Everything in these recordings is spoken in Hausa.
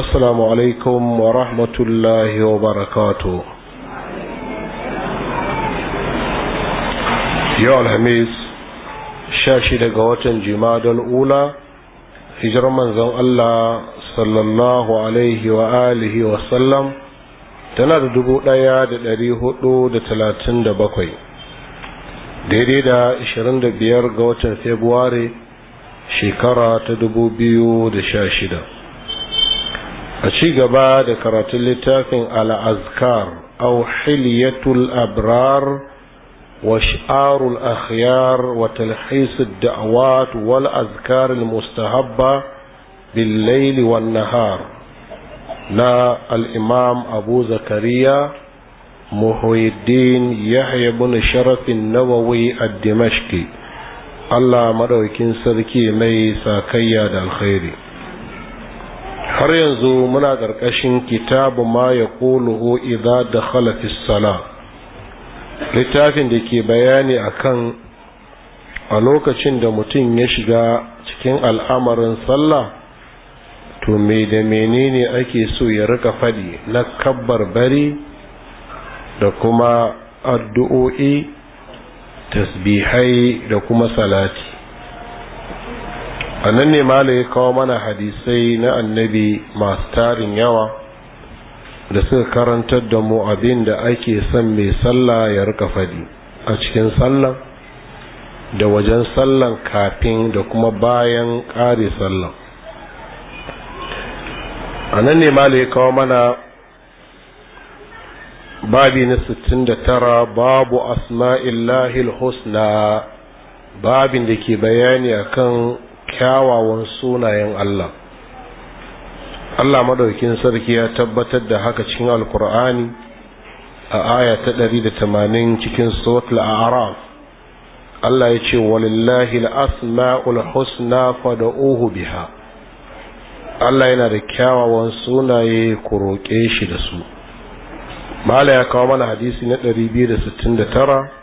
السلام عليكم ورحمة الله وبركاته يا الحميس شاشد قوات جماد الأولى هجر من زن الله صلى الله عليه وآله وسلم tana da dubu ɗaya da ɗari hudu da talatin da bakwai daidai da ashirin da biyar ga watan februari shekara ta dubu biyu da sha shida a ci gaba da karatun littafin al'azkar au hiliyatul abrar wa sha'arul akhyar wa talhisud da'awat wal azkaril mustahabba billaili wan nahar na al'imam abu zakariya muhuddin yahya bin sharafin nawawi a dimashki allah madaukin sarki mai sakayya da alkhairi har yanzu muna ƙarƙashin kitabu ma ya ƙoluhu idza da khalafis sala littafin da ke bayani akan a lokacin da mutum ya shiga cikin al'amarin sallah to me da menene ake so ya rika faɗi na kabbar bari da kuma addu'o'i tasbihai da kuma salati a ne mala ya kawo mana hadisai na annabi masu tarin yawa da suka karantar da mu abin da ake son mai sallah ya rika fadi a cikin sallan da wajen sallan kafin da kuma bayan ƙare sallan a nan ne mala ya kawo mana babi na 69 babu asma'illahi husna babin da ke bayani akan kyawawan sunayen Allah Allah madaukin sarki ya tabbatar da haka cikin alkur'ani a aya ta 180 cikin suratul a'raf Allah ya ce walillahi al-asma'ul husna fad'uhu biha Allah yana da kyawawan sunaye ku roƙe shi da su Mala ya kawo mana hadisi na 269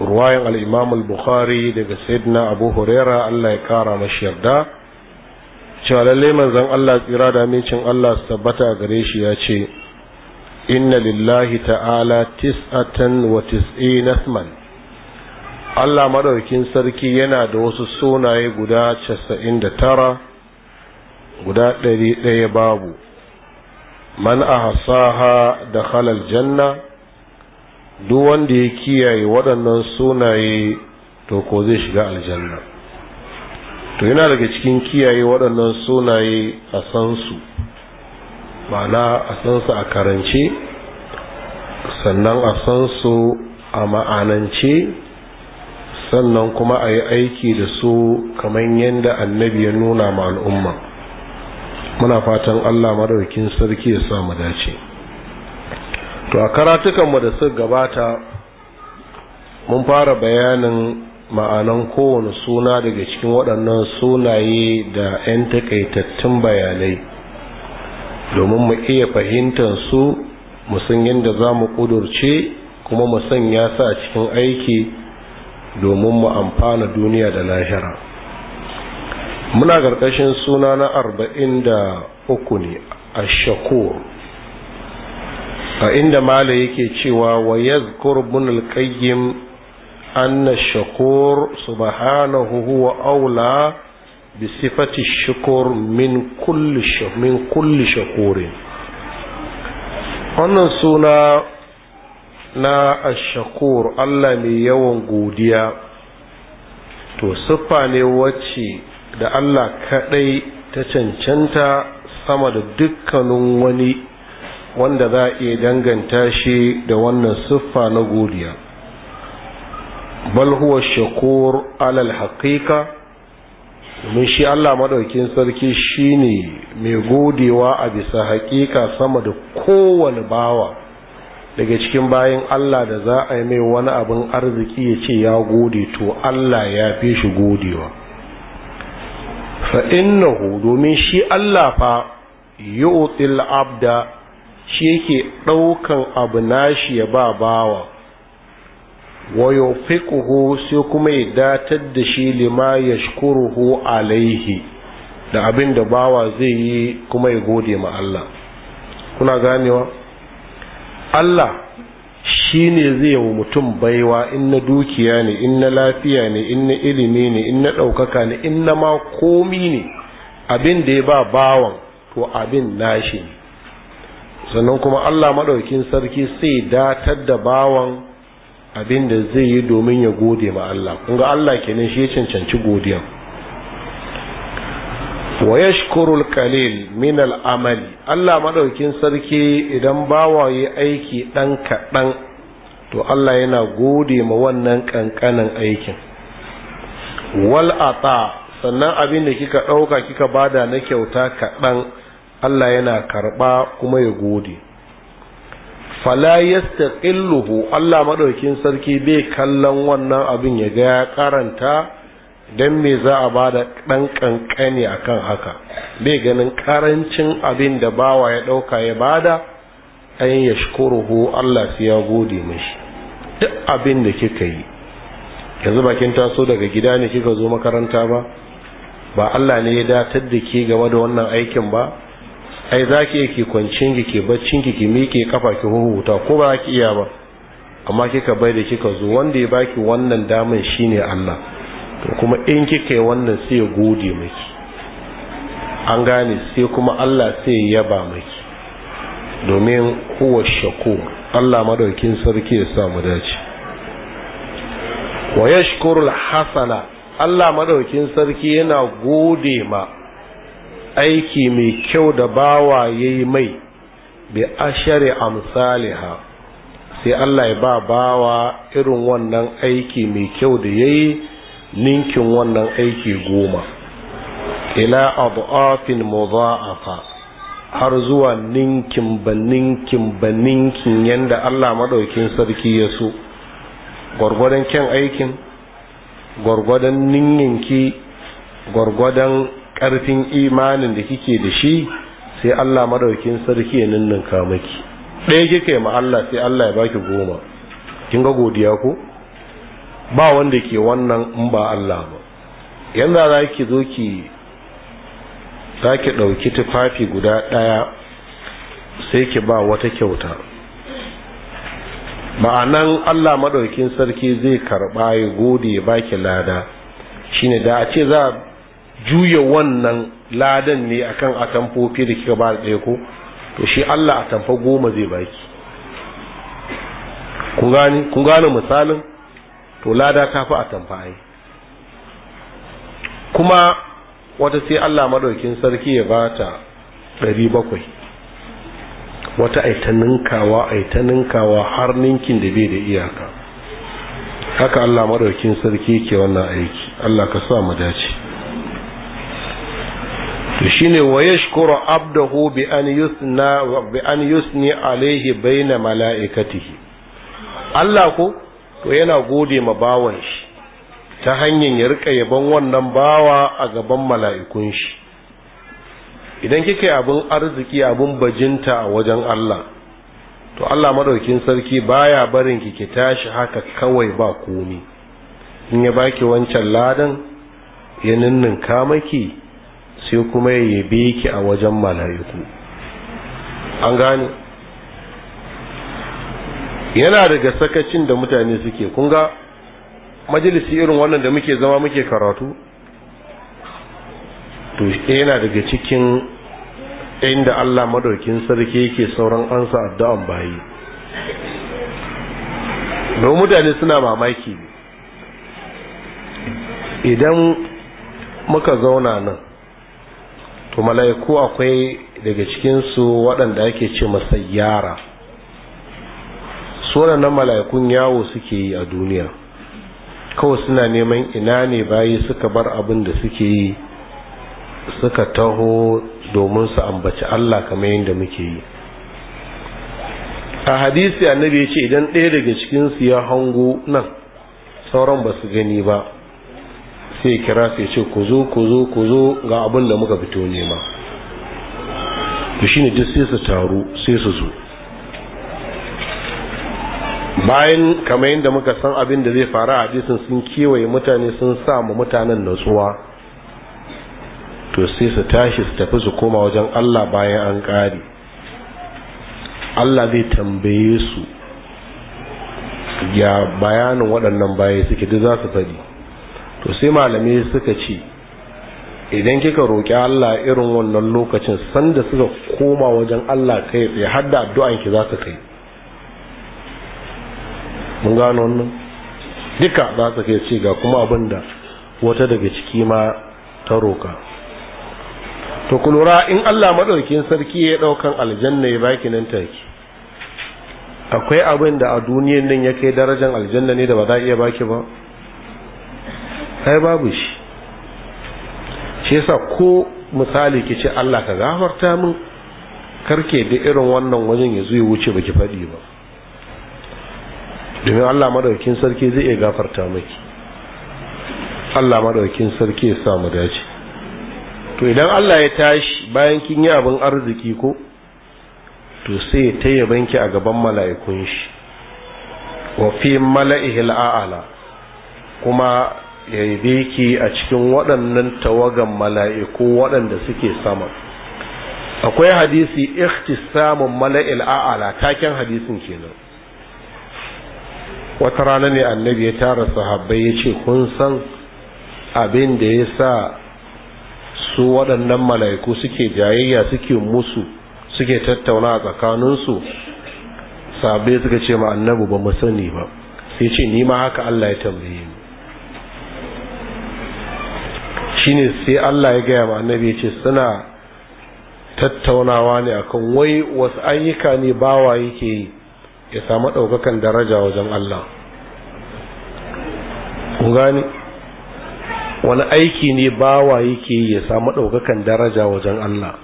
ruwayan al-imam al-bukhari daga sayyidina abu huraira Allah ya kara mashi yarda cewa lalle manzon Allah tsira da mincin Allah su tabbata gare shi ya ce inna lillahi ta'ala tis'atan wa tis'ina Allah madaukin sarki yana da wasu sunaye guda tara, guda ɗaya babu man hasaha da al-janna duk wanda ya kiyaye waɗannan sunaye to ko zai shiga aljanna to yana daga cikin kiyaye waɗannan sunaye a san su ma'ana a san su a karance sannan a san su a ma'anance sannan kuma a yi aiki da su kamar yadda annabi ya nuna ma al'umma muna fatan allah madaukin sarki ya sa mu dace to a karatukanmu da suka gabata mun fara bayanin ma'anan kowane suna daga cikin waɗannan sunaye da 'yan takaitattun bayanai domin mu iya fahimtar su san yadda za mu ƙudurce kuma mu sanya su a cikin aiki domin mu amfana duniya da lahira muna ƙarƙashin suna na arba'in da uku ne a shakur a inda mala yake cewa wa yazkur ibn al-qayyim anna shakur subhanahu huwa aula bi sifati shukur min kulli min kulli wannan suna na ashakur Allah mai yawan godiya to siffa ne wacce da Allah kadai ta cancanta sama da dukkanin wani wanda za a iya danganta shi da wannan siffa na godiya bal huwa shakur alal haqiqa domin shi Allah madaukin sarki shine mai godewa a bisa haƙiƙa sama da kowane bawa daga cikin bayan Allah da za a yi mai wani abin arziki ya ce ya gode to Allah ya fi shi godewa fa innahu domin shi Allah fa yu'til abda shi yake ɗaukan abu nashi ya ba bawa wayo fiƙuhu sai kuma ya datar da shi lima ya alaihi da abin da bawa zai yi kuma ya gode ma Allah kuna ganewa Allah shi ne zai wa mutum baiwa in na dukiya ne in na lafiya ne in na ilimi ne in na ɗaukaka ne in na ma komi ne abin da ya ba bawan to abin nashi ne sannan kuma Allah maɗaukin sarki sai datar da bawan abin da zai yi domin ya gode ma Allah ga Allah kenan shi ya cancanci godiya wa yashkurul qalil min al amali Allah maɗaukin sarki idan bawa yi aiki dan kaɗan to Allah yana gode ma wannan kankanin aikin wal ata sannan abin da kika ɗauka kika bada na kyauta kaɗan Allah yana karɓa kuma ya gode fala yastaqilluhu Allah maɗaukin sarki bai kallon wannan abin ya ga ya karanta dan me za a bada dan a kan haka bai ganin ƙarancin abin da bawa ya ɗauka ya bada ayin yashkuruhu Allah sai ya gode mishi duk abin da kika yi yanzu bakin taso daga gida ne kika zo makaranta ba ba Allah ne ya datar da ke game da wannan aikin ba ai za ki yake kwancin ki ke baccin ki ki miƙe kafa ki huhuta ko ba ki iya ba amma kika bai da kika zo wanda ya baki wannan daman shine Allah to kuma in kika yi wannan sai ya gode miki an gane sai kuma Allah sai ya yaba miki domin huwa shako Allah madaukin sarki ya sa mu dace wa yashkurul hasana Allah madaukin sarki yana gode ma aiki mai kyau da bawa ya yi mai bi a amsaliha sai Allah ya ba bawa irin wannan aiki mai kyau da ya yi ninkin wannan aiki goma ila adafin muza'afa har zuwa ninkin ba ninkin ba ninkin yadda Allah maɗaukin sarki ya so gwargwadon kyan aikin gwargwadon ki, gwargwadon karfin imanin da kike da shi sai Allah madaukin sarki ya ninninka maki ɗaya kika ma Allah sai Allah ya baki goma kin ga godiya ko ba wanda ke wannan in ba Allah ba yanzu za ki zo ki za ki ɗauki tufafi guda ɗaya sai ki ba wata kyauta ma'anan allah maɗaukin sarki zai karɓa ya gode ya baki lada shine da a ce za juya wannan ladan ne akan atamfofi da kika ba da ɗaya ko to shi Allah atamfa goma zai baki kun gane misalin to lada ta fi atamfa ai kuma wata sai Allah madaukin sarki ya bata ɗari bakwai wata aita ninkawa ninkawa har ninkin da bai da iyaka haka Allah madaukin sarki ke wannan aiki Allah ka sa mu dace to shine wa yashkuru abdahu bi an yusna bi an yusni alaihi baina malaikatihi Allah ko to yana gode ma bawan shi ta hanyar ya rika yabon wannan bawa a gaban mala'ikun shi idan kike abin arziki abin bajinta a wajen Allah to Allah madaukin sarki baya barin ki ki tashi haka kawai ba komi in ya baki wancan ladan ya ninninka maki sai kuma ya yabe ki a wajen malayiku. an gane yana daga sakacin da mutane suke kunga majalisi irin wannan da muke zama muke karatu to yana daga cikin inda Allah madaukin sarki yake sauran ansa addu'an bayi don mutane suna mamaki idan muka zauna nan to mala'iku akwai daga cikinsu waɗanda ake ce masayyara su na mala'ikun yawo suke yi a duniya kawai suna neman ina ne bayi suka bar abin da suke yi suka taho domin su ambaci Allah kamar yadda muke yi a hadisi annabi ya ce idan ɗaya daga cikinsu ya hango nan sauran ba su gani ba sai kira sai ce ku zo ku zo ku zo ga abin da muka fito nema to shine duk sai su taru sai su zo bayan kamar yadda muka san abin da zai faru a hadisin sun kewaye mutane sun sa mu mutanen natsuwa to sai su tashi su tafi su koma wajen Allah bayan an ƙare Allah zai tambaye su ya bayanin waɗannan baya suke duk za su faɗi to sai malamai suka ce idan kika roƙi Allah irin wannan lokacin sanda suka koma wajen Allah kai tsaye har da addu'an ki za ta kai mun gano wannan duka za ta kai ce ga kuma abin wata daga ciki ma ta roƙa to ku lura in Allah madaukin sarki ya daukan aljanna ya baki nan take akwai abin a duniyan nan ya kai darajar aljanna ne da ba za a iya baki ba ai babu shi shi yasa ko misali ki ce Allah ka gafarta min karke da irin wannan wajen ya ya wuce baki faɗi ba domin Allah madaukakin sarki zai iya gafarta miki Allah madaukakin sarki ya sa dace to idan Allah ya tashi bayan kin yi abin arziki ko to sai ya taya banki a gaban mala'ikun shi wa fi mala'ihil a'ala kuma ya yabe ki a cikin waɗannan tawagan mala'iku waɗanda suke sama akwai hadisi ikhtisamun mala'il a'ala taken hadisin kenan wata rana ne annabi ya tara sahabbai ya ce kun san abin da ya sa su waɗannan mala'iku suke jayayya suke musu suke tattauna a tsakaninsu sahabbai suka ce ma annabi ba mu sani ba sai ce ni ma haka Allah ya tambaye mu shine sai Allah ya gaya ma annabi ce suna tattaunawa ne akan wai wasu ayyuka ne bawa yake yi ya samu ɗaukakan daraja wajen Allah gani wani aiki ne bawa yake yi ya samu ɗaukakan daraja wajen Allah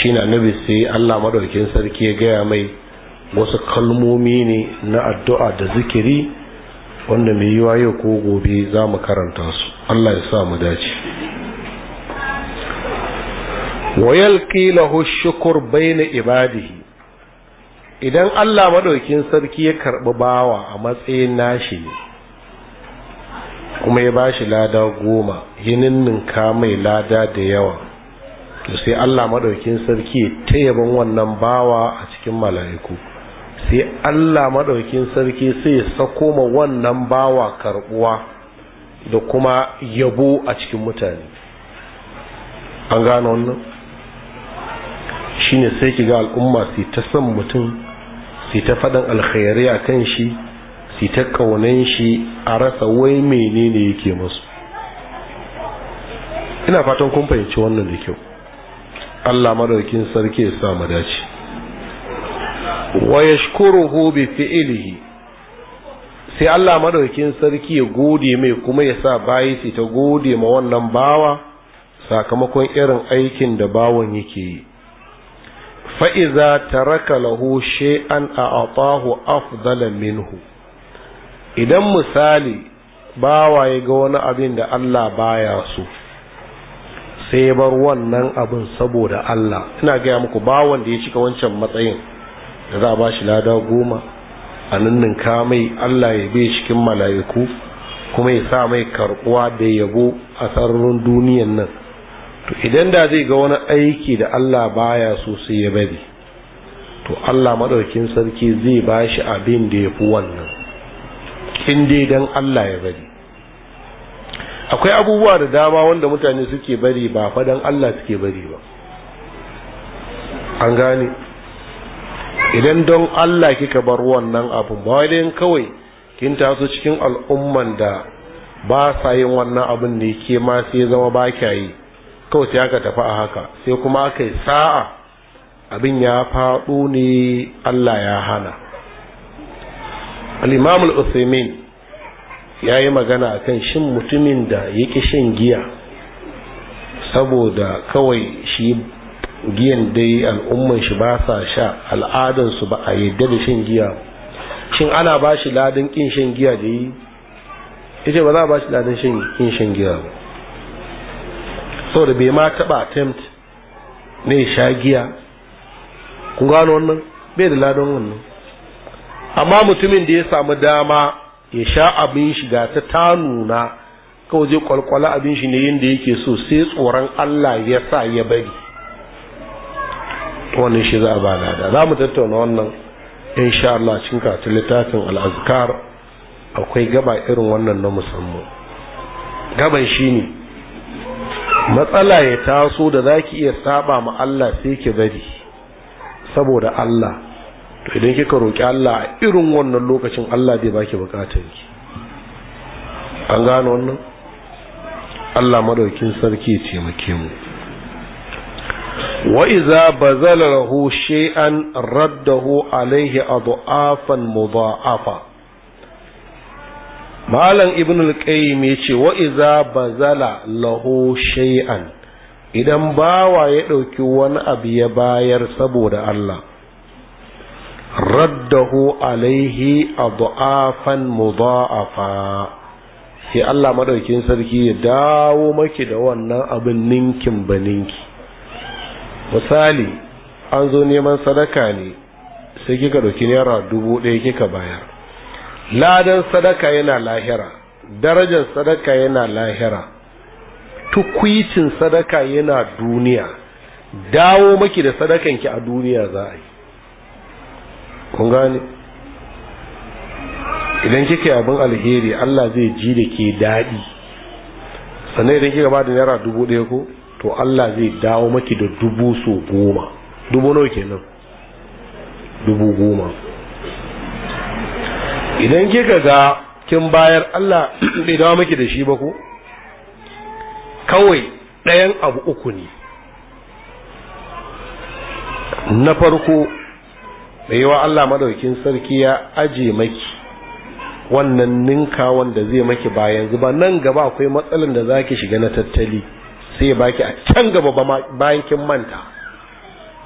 shi na nabi sai Allah maɗaukin sarki ya gaya mai wasu kalmomi ne na addu'a da zikiri wanda mai yiwa yau ko gobe za mu karanta su Allah ya sa mu dace wa yalqi lahu shukr bayna ibadihi idan Allah madaukin sarki ya karbi bawa a matsayin nashi ne kuma ya bashi lada goma yininnin ka mai lada da yawa to sai Allah madaukin sarki ta yaban wannan bawa a cikin mala'iku sai Allah maɗaukin sarki sai ya sako ma wannan bawa karɓuwa. da kuma yabo a cikin mutane an gano wannan shine sai ki ga al'umma su ta son mutum su ta faɗin alkhairi a kan shi su ta ƙaunan shi a rasa wai menene yake masu ina fatan kun fahimci wannan da kyau allah madaukin sarki ya sa mu dace wa yashkuruhu bi fi'ilihi sai Allah madaukakin sarki ya gode mai kuma ya sa bayi sai ta gode ma wannan bawa sakamakon irin aikin da bawan yake yi fa'iza taraka lahu shay'an a atahu afdala minhu idan misali bawa ya ga wani abin da Allah baya so sai bar wannan abin saboda Allah ina gaya muku bawan da ya cika wancan matsayin da za a ba shi lada goma a nan ka mai Allah ya bi cikin mala'iku kuma ya sa mai karbuwa da yabo a sararin duniyan nan to idan da zai ga wani aiki da Allah baya so sai ya bari to Allah madaukin sarki zai ba shi abin da ya fi wannan in dai dan Allah ya bari akwai abubuwa da dama wanda mutane suke bari ba fa fadan Allah suke bari ba an gane idan don Allah kika bar wannan abu ba wai kawai kin taso cikin al'umman da ba sa yin wannan abin ne ke ma sai zama ba kya kawai sai aka tafi a haka sai kuma aka sa'a abin ya faɗo ne Allah ya hana al-imam al ya yi magana akan shin mutumin da ya ƙi shan giya saboda kawai shi giyan dai al'umman shi ba sa sha al'adan su ba a yadda da shan giya shin ana ba shi ladan kin shan giya da yi ita ba za a ba shi ladan kin shan giya ba saboda bai ma taba attempt ne sha giya kun gano wannan bai da ladan wannan amma mutumin da ya samu dama ya sha abin shi ga ta ta nuna kawai je kwalkwala abin shi ne yadda yake so sai tsoron Allah ya sa ya bari wannan shi za a ba lada za mu tattauna wannan in sha Allah cikin karatun littafin al'azkar akwai gaba irin wannan na musamman gaban shi ne matsala ya taso da za ki iya saba ma Allah sai ki bari saboda Allah to idan kika roƙi Allah a irin wannan lokacin Allah zai baki ki? an gano wannan Allah madaukin sarki ya taimake mu wa iza bazala lahu shay'an raddahu alaihi adhafan mudha'afa malam ibn al-qayyim yace Wa'iza iza bazala lahu shay'an idan bawa ya ɗauki wani abu ya bayar saboda Allah raddahu alaihi adhafan mudha'afa sai Allah maɗaukin sarki ya dawo maki da wannan abin ninkin baninki misali an zo neman sadaka ne sai kika ɗauki naira dubu ɗaya kika bayar ladan sadaka yana lahira darajar sadaka yana lahira tukwicin sadaka yana duniya dawo maki da sadakanki a duniya za a yi kun gane idan kika yi abin alheri allah zai ji da ke daɗi sannan idan kika ba da naira dubu ɗaya ko to Allah zai dawo maki da dubu so goma dubu nawa kenan dubu goma idan kika ga kin bayar Allah bai dawo maki da shi ba ko kawai ɗayan abu uku ne na farko da yawa Allah madaukin sarki ya aje maki wannan ninka wanda zai maki bayan zuba nan gaba akwai matsalan da zaki shiga na tattali sai ya baki a can gaba bayan kin manta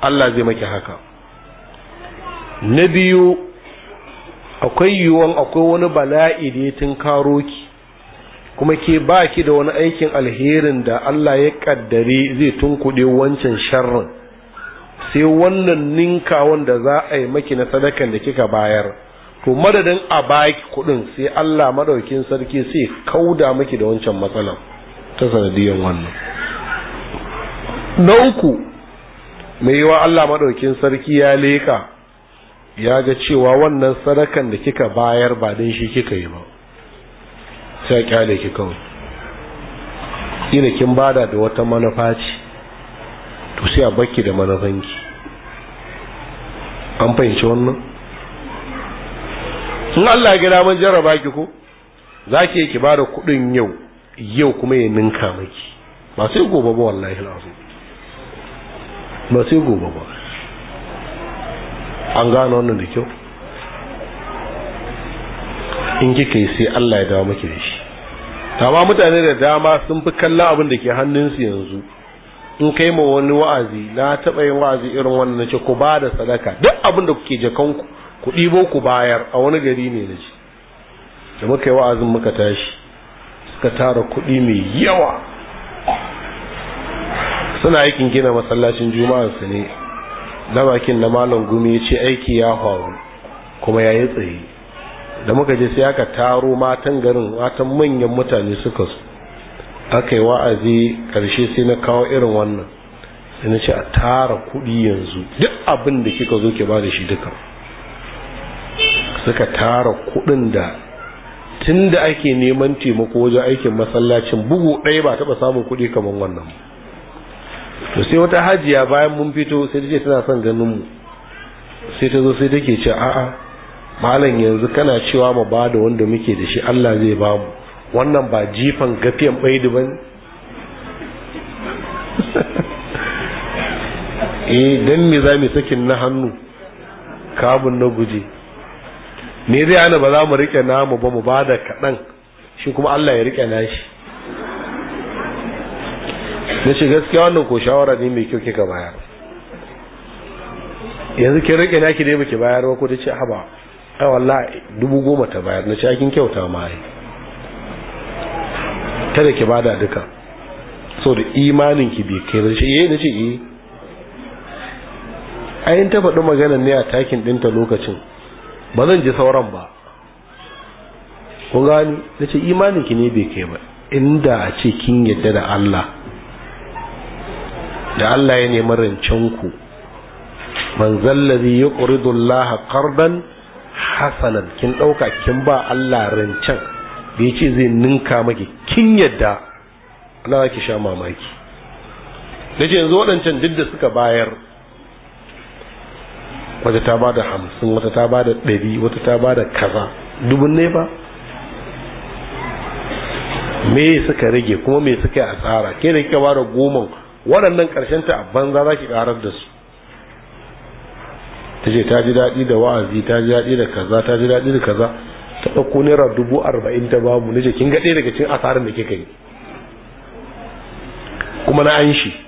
Allah zai maki haka na biyu akwai yiwuwan akwai wani bala'i da ya karo ki kuma ke baki da wani aikin alherin da Allah ya kaddare zai tun kuɗe wancan sharrin sai wannan ninka wanda za a yi maki na sadakan da kika bayar to madadin a baki kuɗin sai Allah maɗaukin sarki sai kauda maki da wancan matsalan ta sanadiyar wannan na uku mai yiwa Allah maɗaukin sarki ya leka ya ga cewa wannan sadakan da kika bayar ba don shi kika yi ba sai kyale ki kawai ina kin bada da wata manufa ce to sai a baki da manufanki an fahimci wannan in Allah ya gida mun jarraba ki ko za ki ki bada kuɗin yau yau kuma ya ninka maki ba sai gobe ba wallahi alazim ba sai gobe ba an gano wannan da kyau in kika yi sai Allah ya dawo maki da shi dama mutane da dama sun fi kalla abin da ke hannunsu yanzu in kai ma wani wa'azi na taɓa yin wa'azi irin wannan na ce ku ba da sadaka duk abin da kuke jakan ku ɗibo ku bayar a wani gari ne da shi. da muka yi wa'azin muka tashi suka tara kuɗi mai yawa suna aikin gina masallacin juma'arsu ne bakin na malam gumi ya ce aiki ya faru kuma ya yi tsaye da muka je sai aka taro matan garin matan manyan mutane suka su aka yi wa'azi karshe sai na kawo irin wannan sai na ce a tara kuɗi yanzu duk abin da kika zo ke ba da shi duka suka tara kuɗin da tun da ake neman taimako wajen aikin masallacin bugu ɗaya ba taɓa samun kuɗi kamar wannan to sai wata hajiya bayan mun fito sai ta ce tana son ganin mu sai ta zo sai take ce a'a malam yanzu kana cewa mu ba da wanda muke da shi Allah zai ba mu wannan ba jifan gafiyan baidu ba eh dan me za mu sakin na hannu kabun na guje me zai hana ba za mu rike namu ba mu bada kaɗan shi kuma Allah ya rike nashi na shi gaskiya wannan ko shawara ne mai kyau kika bayar yanzu kin rike naki dai muke bayar ba ko ta ce haba ai wallahi dubu goma ta bayar na ce kin kyauta ma ai kada ki bada duka da imanin ki bai kai shi eh, yayi ce eh ayin ta faɗi maganar ne a takin ɗinta lokacin ba zan ji sauran ba kun gani na ce imaninki ne bai kai ba inda a ce kin yadda da Allah da Allah ya nemi rancenku man zallazi ya Allah ƙardan hasanan kin ɗauka kin ba Allah rancen bai ce zai ninka maki kin yadda Allah ki sha mamaki da ce yanzu waɗancan duk da suka bayar wata ta bada hamsin wata ta bada ɗari wata ta bada kaza dubun ne ba me suka rage kuma me suka yi a tsara ke da kika bada goma waɗannan ƙarshen ta a banza za ki ƙarar da su ta ce ta ji daɗi da wa'azi ta ji daɗi da kaza ta ji daɗi da kaza ta ɗauko naira dubu arba'in ta babu na ce kin ga ɗaya daga cikin asarar da kika yi kuma na an shi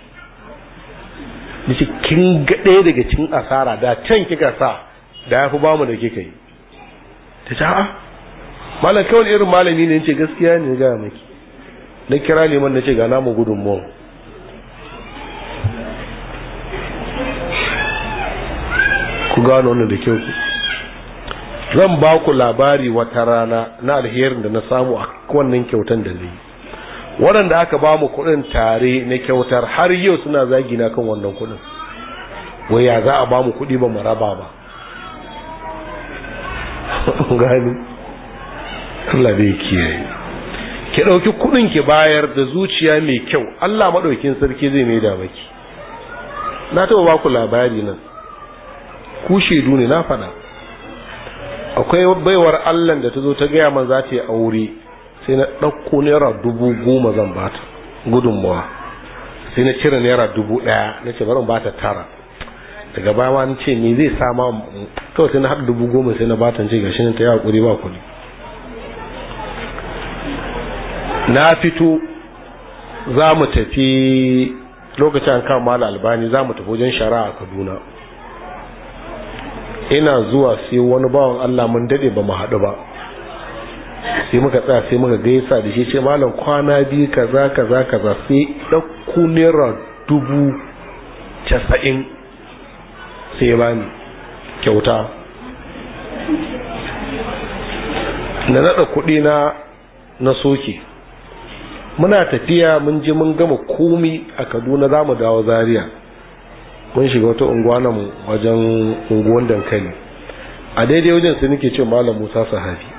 nace kin ga ɗaya daga cikin asara da can kika sa da ya fi ba mu da kika yi ta ce ha malam kawai irin malami ne ce gaskiya ne ga maki na kira liman na ce ga namu mu. ku gano wannan da kyau ku zan ba ku labari wata rana na alherin da na samu a wannan kyautan da zai yi waɗanda aka ba mu kuɗin tare na kyautar har yau suna zagi na kan wannan kuɗin wai ya za a ba mu kuɗi ba mu raba ba gani Allah bai kiyaye ki ɗauki kuɗin ki bayar da zuciya mai kyau Allah maɗaukin sarki zai mai da baki na taɓa ba ku labari nan ku shaidu ne na faɗa akwai baiwar Allah da ta zo ta gaya man za ta yi aure sai na ɗauko naira dubu goma zan bata gudunmuwa sai na cire naira dubu ɗaya na ce barin bata tara daga baya wani ce me zai sa ma kawai sai na haɗa dubu goma sai na bata ce gashi ta yi hakuri ba kuɗi na fito za mu tafi lokacin an kama mala albani za mu tafi wajen shara a kaduna ina zuwa sai wani bawan allah mun daɗe ba mu haɗu ba sai muka tsaya sai muka gaisa da shi ce malam kwana biyu kaza kaza kaza sai ɗauko naira dubu casa'in sai bani kyauta na naɗa kuɗi na na soke muna tafiya mun ji mun gama komi a kaduna za mu dawo Zariya. mun shiga wata unguwa wajen unguwan dankali a daidai wajen sai nake ce malam musa sahabi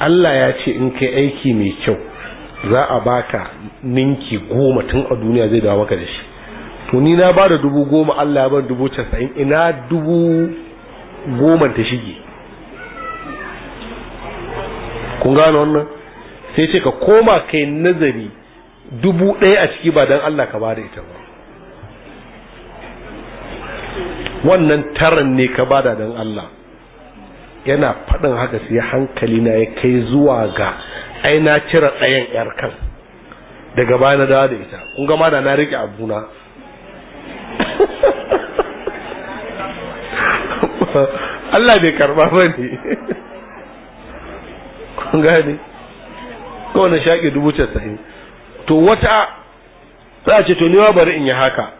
Allah ya ce in kai aiki mai kyau za a baka ninki goma tun a duniya zai dawa maka da shi to ni na ba da dubu goma Allah ya ban dubu casa'in ina dubu goma ta shige kun gano wannan sai ce ka koma kai nazari dubu ɗaya a ciki ba don Allah ka ba da ita ba wannan taran ne ka bada don Allah yana faɗin haka sai hankali na ya kai zuwa ga ai na cire ɗayan yar kan daga baya na dawo da ita kun ga da na rike abuna Allah bai karba ba ne kun gane kowane shaƙi dubu casa'in to wata za a ce to ni bari in yi haka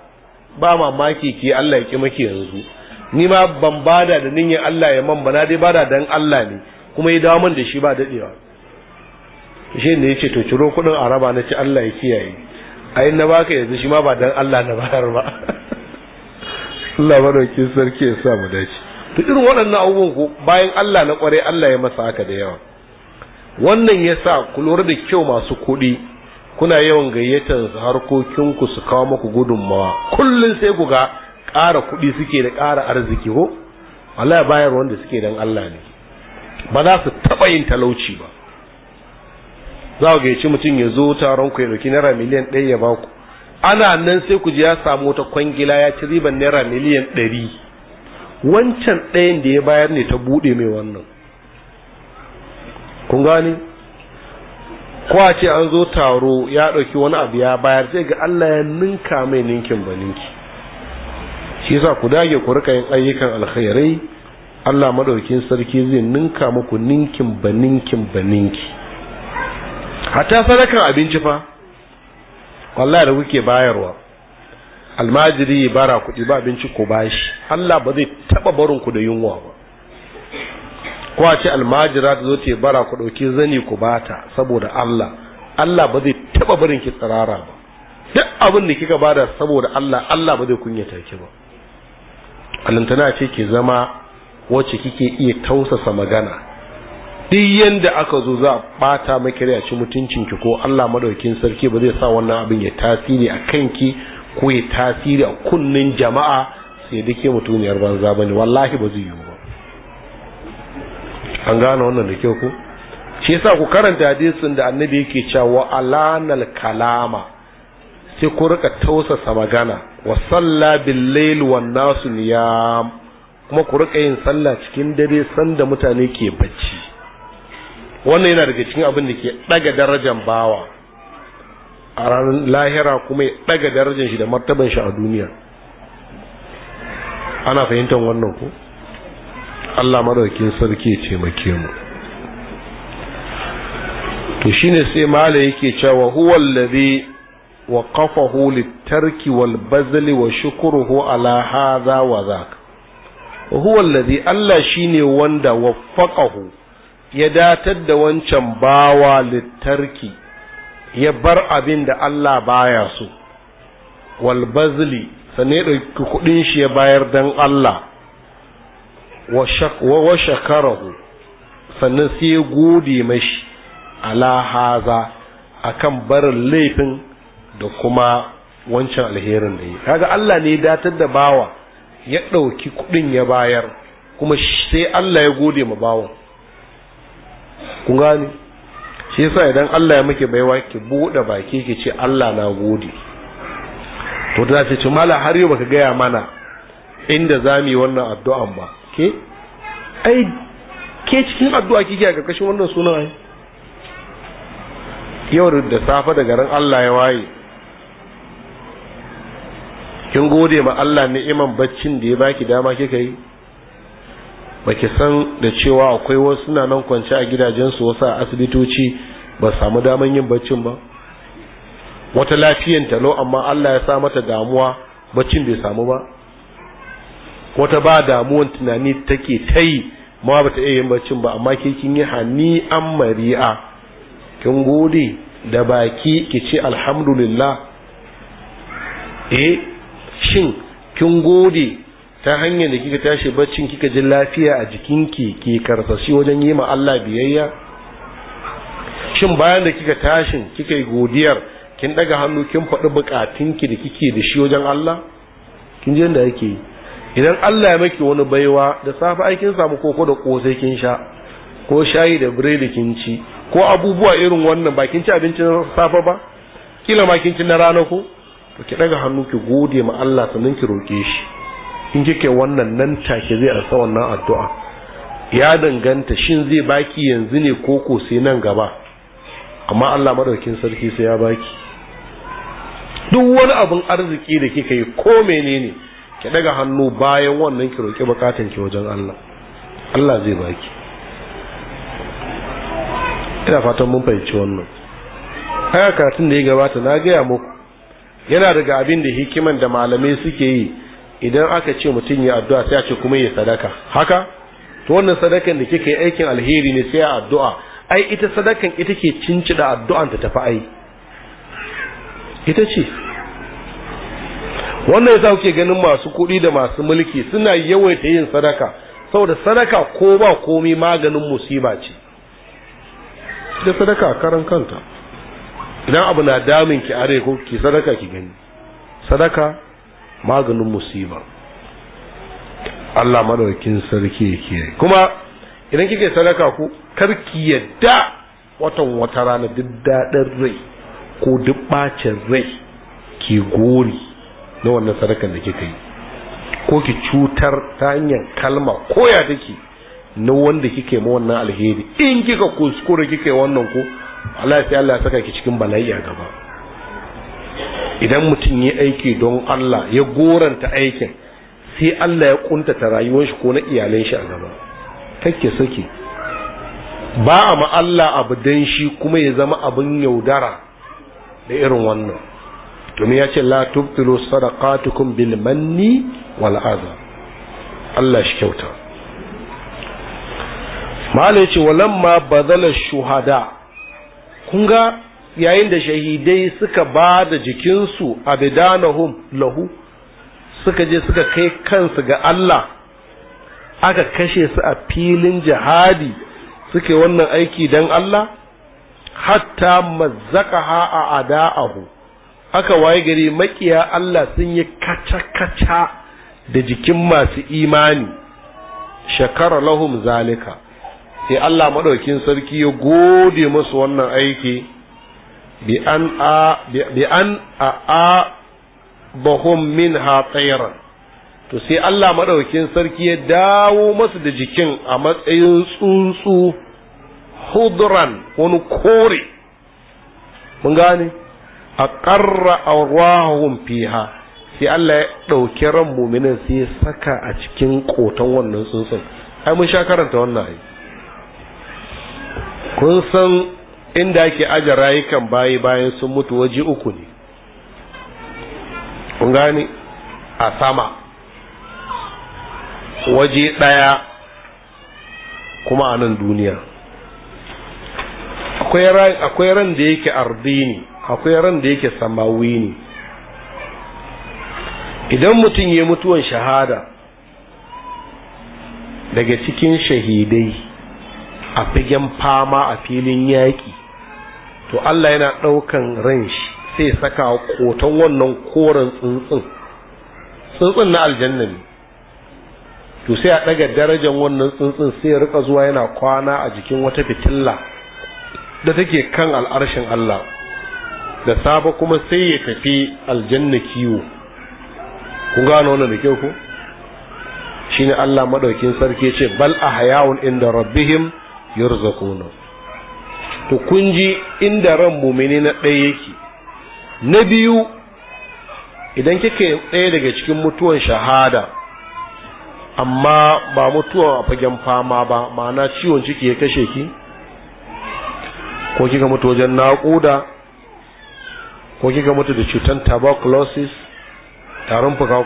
ba mamaki ki Allah ya ƙi maki yanzu ni ma ban bada da niyyar Allah ya man bana na dai bada dan Allah ne kuma ya dawo da shi ba dadewa shi ne yace to ciro kudin araba na ci Allah ya kiyaye ai na baka yanzu shi ma ba dan Allah na bayar ba Allah madaukin sarki ya sa mu dace to irin waɗannan abubuwan ko bayan Allah na kware Allah ya masa haka da yawa wannan yasa ku lura da kyau masu kuɗi kuna yawan gayyatar harkokinku su kawo muku gudunmawa kullum sai ku ga ƙara kuɗi suke da ƙara arziki ko Allah bayar wanda suke don Allah ne ba za su taɓa yin talauci ba za ku gaici mutum ya zo taron ku ya ɗauki naira miliyan ɗaya ya ba ku ana nan sai ku ji ya samu wata kwangila ya ci riban naira miliyan ɗari wancan ɗayan da ya bayar ne ta buɗe mai wannan kun gane kwa ce an zo taro ya ɗauki wani abu ya bayar sai ga Allah ya ninka mai ninkin ba ninki shi yasa ku dage ku rika yin ayyukan alkhairai Allah madaukin sarki zai ninka muku ninkin ba ninkin ba hatta sadakan abinci fa wallahi da kuke bayarwa almajiri bara kuɗi ba abinci ku bashi Allah ba zai taba barin ku da yunwa ba ko a ce almajira ta zo ta bara ku ɗauki zani ku bata saboda Allah Allah ba zai taba barin ki tsirara ba duk abin da kika bada saboda Allah Allah ba zai kunyata ki ba alantana ce ke zama wacce kike iya tausasa magana duk yadda aka zo za a bata mutuncin mutuncinki ko Allah madaukin sarki ba zai sa wannan abin ya tasiri a kanki ko ya tasiri a kunnin jama'a sai dake mutuniyar banza bane wallahi ba zai yiwu ba an gane wannan da kyau ko shi yasa ku karanta hadisin da annabi yake cewa alanal kalama sai ku rika tausasa magana wa salla bin layl wan nasu niyam kuma ku rika yin sallah cikin dare sanda mutane ke bacci wannan yana daga cikin abin da ke daga darajar bawa a ranar lahira kuma ya daga darajar shi da martaban shi a duniya ana fahimtar wannan ko Allah madaukin sarki ya taimake mu to shine sai mala yake cewa huwal wa qafahu litarki wal bazli wa shukruhu ala hadha wa dhak huwa alladhi Allah shine wanda waffaqahu ya datar da wancan bawa litarki ya bar abin da Allah baya so wal bazli sanne kuɗin shi ya bayar dan Allah wa shakarahu sannan sai ya gode mashi ala haza akan barin laifin da kuma wancan alherin da yi kaga Allah ne datar da bawa ya ɗauki kuɗin ya bayar kuma sai Allah ya gode ma bawan ku gani shi yasa idan Allah ya muke baiwa ki buɗe baki ki ce Allah na gode to da ce ce mala har yau baka gaya mana inda za yi wannan addu'an ba ke ai ke cikin addu'a kike a karkashin wannan sunan ai yau da safa da garin Allah ya waye kin gode ma Allah ni'iman baccin da ya baki dama kika yi baki san da cewa akwai wasu suna nan kwance a su wasu a asibitoci ba samu daman yin baccin ba wata lafiyan talo amma Allah ya sa mata damuwa baccin bai samu ba wata ba damuwan tunani take ta yi ma ba ta iya yin baccin ba amma ke kin yi hanni an mari'a kin gode da baki ki ce alhamdulillah eh shin kin gode ta hanyar da kika tashi baccin kika ji lafiya a jikinki ke karsashi wajen yi ma Allah biyayya shin bayan da kika tashin kika yi godiyar kin daga hannu kin faɗi bukatunki da kike da shi wajen Allah kin ji yadda yake idan Allah ya maki wani baiwa da safe ai kin samu koko da kosai kin sha ko shayi da biredi kin ci ko abubuwa irin wannan ba kin ci abincin safe ba kila ma kin ci na rana ko to ki daga hannu ki gode ma Allah sannan ki roke shi in kike wannan nan take zai arsa wannan addu'a ya danganta shin zai baki yanzu ne ko ko sai nan gaba amma Allah madaukin sarki sai ya baki duk wani abin arziki da kika yi ko menene ki daga hannu bayan wannan ki roki bukatun ki wajen Allah Allah zai baki ina fatan mun fahimci wannan haka karatun da ya gabata na gaya muku yana daga abin da hikiman da malamai suke yi idan aka ce mutum ya addu'a sai a ce kuma ya sadaka haka to wannan sadakan da kika yi aikin alheri ne sai a addu'a ai ita sadakan ita ke cincida addu'an ta tafi ai ita ce wannan yasa kuke ganin masu kuɗi da masu mulki suna yawaita yin sadaka saboda sadaka ko ba komai maganin musiba ce da sadaka karan kanta idan abu na damin ki are ko ki sadaka ki gani sadaka maganin musiba Allah madaukin sarki yake kuma idan kike sadaka ku kar ki yadda watan wata rana duk dadin rai ko duk bacin rai ki gori na wannan sadakan da kika yi ko ki cutar ta hanyar kalma koya take na wanda kike ma wannan alheri in kika kuskure kike wannan ko Allah sai Allah saka ki cikin bala'i a gaba idan mutum ya aiki don Allah ya goranta aikin sai Allah ya kuntata rayuwar shi ko na iyalan shi a gaba take saki ba a ma Allah abu dan shi kuma ya zama abin yaudara da irin wannan domin ya ce la tubtilu sadaqatukum bil manni wal adha Allah shi kyauta malai ce walamma badala shuhada kun ga yayin da shahidai suka ba da jikinsu a bidanahum lahu suka je suka kai kansu ga Allah aka kashe su a filin jihadi suke wannan aiki don Allah hatta ha a ada'ahu aka waye gari makiya Allah sun yi kaca-kaca da jikin masu imani shakara lahum zalika sai Allah madaukin sarki ya gode musu wannan aiki bi an a bi an a a bahum minha to sai Allah madaukin sarki ya dawo masu da jikin a matsayin tsuntsu hudran wani kore mun gane a ƙarra fiha sai Allah ya ɗauki ran muminin sai ya saka a cikin ƙoton wannan tsuntsun ai mun sha karanta wannan ai kun san inda ake aje rayukan bayi bayan sun mutu waje uku ne kun gane a sama waje ɗaya kuma a nan duniya akwai ran da yake ardini akwai ran da yake samawi ne idan mutum ya mutuwan shahada daga cikin shahidai a figen fama a filin yaƙi to Allah yana ɗaukan ran shi sai saka koton wannan koren tsuntsun tsuntsun na aljanna ne to sai a ɗaga darajar wannan tsuntsun sai ya rika zuwa yana kwana a jikin wata fitilla da take kan al'arshin Allah da safe kuma sai ya tafi aljanna kiwo kun gano wannan da kyau ko shine Allah madaukin sarki ya ce bal a inda rabbihim yurzaquna to kun ji inda ran mumini na ɗaya yake na biyu idan kike ɗaya daga cikin mutuwan shahada amma ba mutuwa a fagen fama ba ma'ana ciwon ciki ya kashe ki ko kika mutu wajen naƙuda ko kika mutu da cutar tuberculosis tarin fuka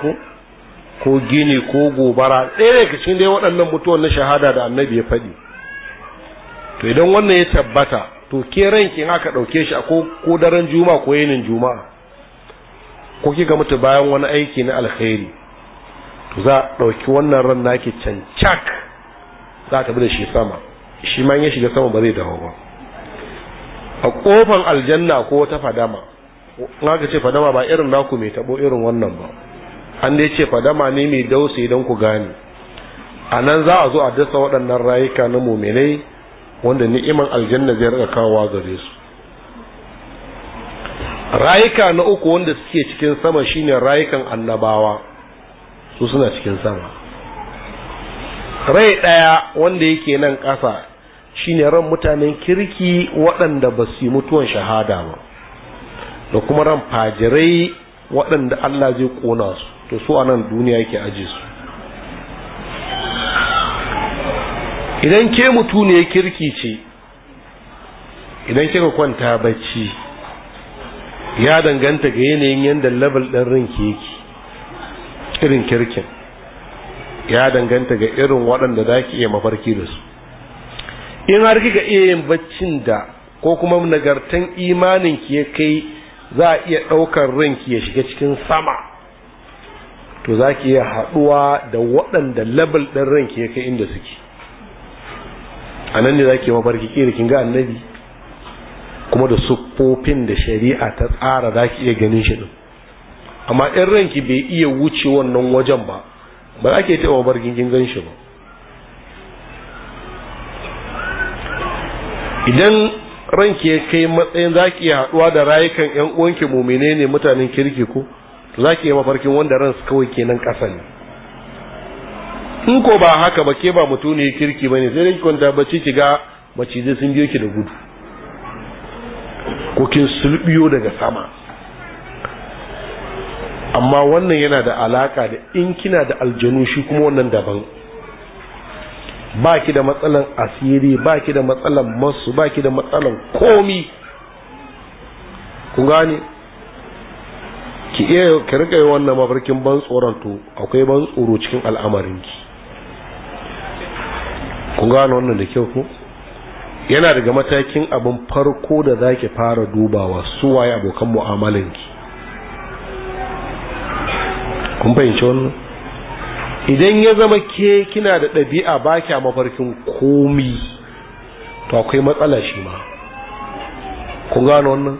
ko gini ko gobara ɗaya daga cikin dai waɗannan mutuwan na shahada da annabi ya faɗi to idan wannan ya tabbata to ke rankin aka ɗauke shi a ko daren juma ko yinin juma'a ko kika mutu bayan wani aiki na alkhairi to za a ɗauki wannan ran naki cancak za a tabi da shi sama shi ma ya shiga sama ba zai dawo ba a kofan aljanna ko wata fadama in aka ce fadama ba irin naku mai tabo irin wannan ba an dai ce fadama ne mai dausa idan ku gane a nan za a zo a dasa waɗannan rayuka na muminai wanda ni'iman aljanna zai rika kawowa gare su rayuka na uku wanda suke cikin sama shine rayukan annabawa su suna cikin sama rai ɗaya wanda yake nan ƙasa shine ran mutanen kirki waɗanda ba su mutuwan shahada ba da kuma ran fajirai waɗanda Allah zai kona su to su a nan duniya yake aji su idan ke mutu ne kirki ce idan kika kwanta bacci ya danganta ga yanayin yadda level ɗin rinki yake irin kirkin ya danganta ga irin waɗanda za ki iya mafarki da su in har kika iya yin baccin da ko kuma nagartan imanin ki ya kai za a iya ɗaukar rinki ya shiga cikin sama to za ki iya haɗuwa da waɗanda level ɗin rinki ya kai inda suke a nan ne zaki mafarki ke kin ga annabi kuma da siffofin da shari'a ta tsara zaki iya ganin shi din amma in ranki bai iya wuce wannan wajen ba ba za ki taɓa mafarkin kin gan shi ba idan ranki ya kai matsayin za ki iya haɗuwa da rayukan 'yan uwanki mu ne mutanen kirki ko za ki iya mafarkin wanda ransu kawai kenan ƙasa ne in ko ba haka ba ke ba mutune kirki bane sai dai kwanta bacci ki ga macizai sun biyo ki da gudu ko kin sulbiyo daga sama amma wannan yana da alaka da in kina da aljanu shi kuma wannan daban ba ki da matsalan asiri ba ki da matsalan masu ba ki da matsalan komi kun gane ki iya karkai wannan mafarkin ban tsoron to akwai ban tsoro cikin al'amarinki kun gano wannan da kyau ko yana daga matakin abin farko da zaki fara dubawa su waye abokan mu'amalanki kun fahimci wannan idan ya zama ke kina da ɗabi'a ba a mafarkin komi to akwai matsala shi ma kun gano wannan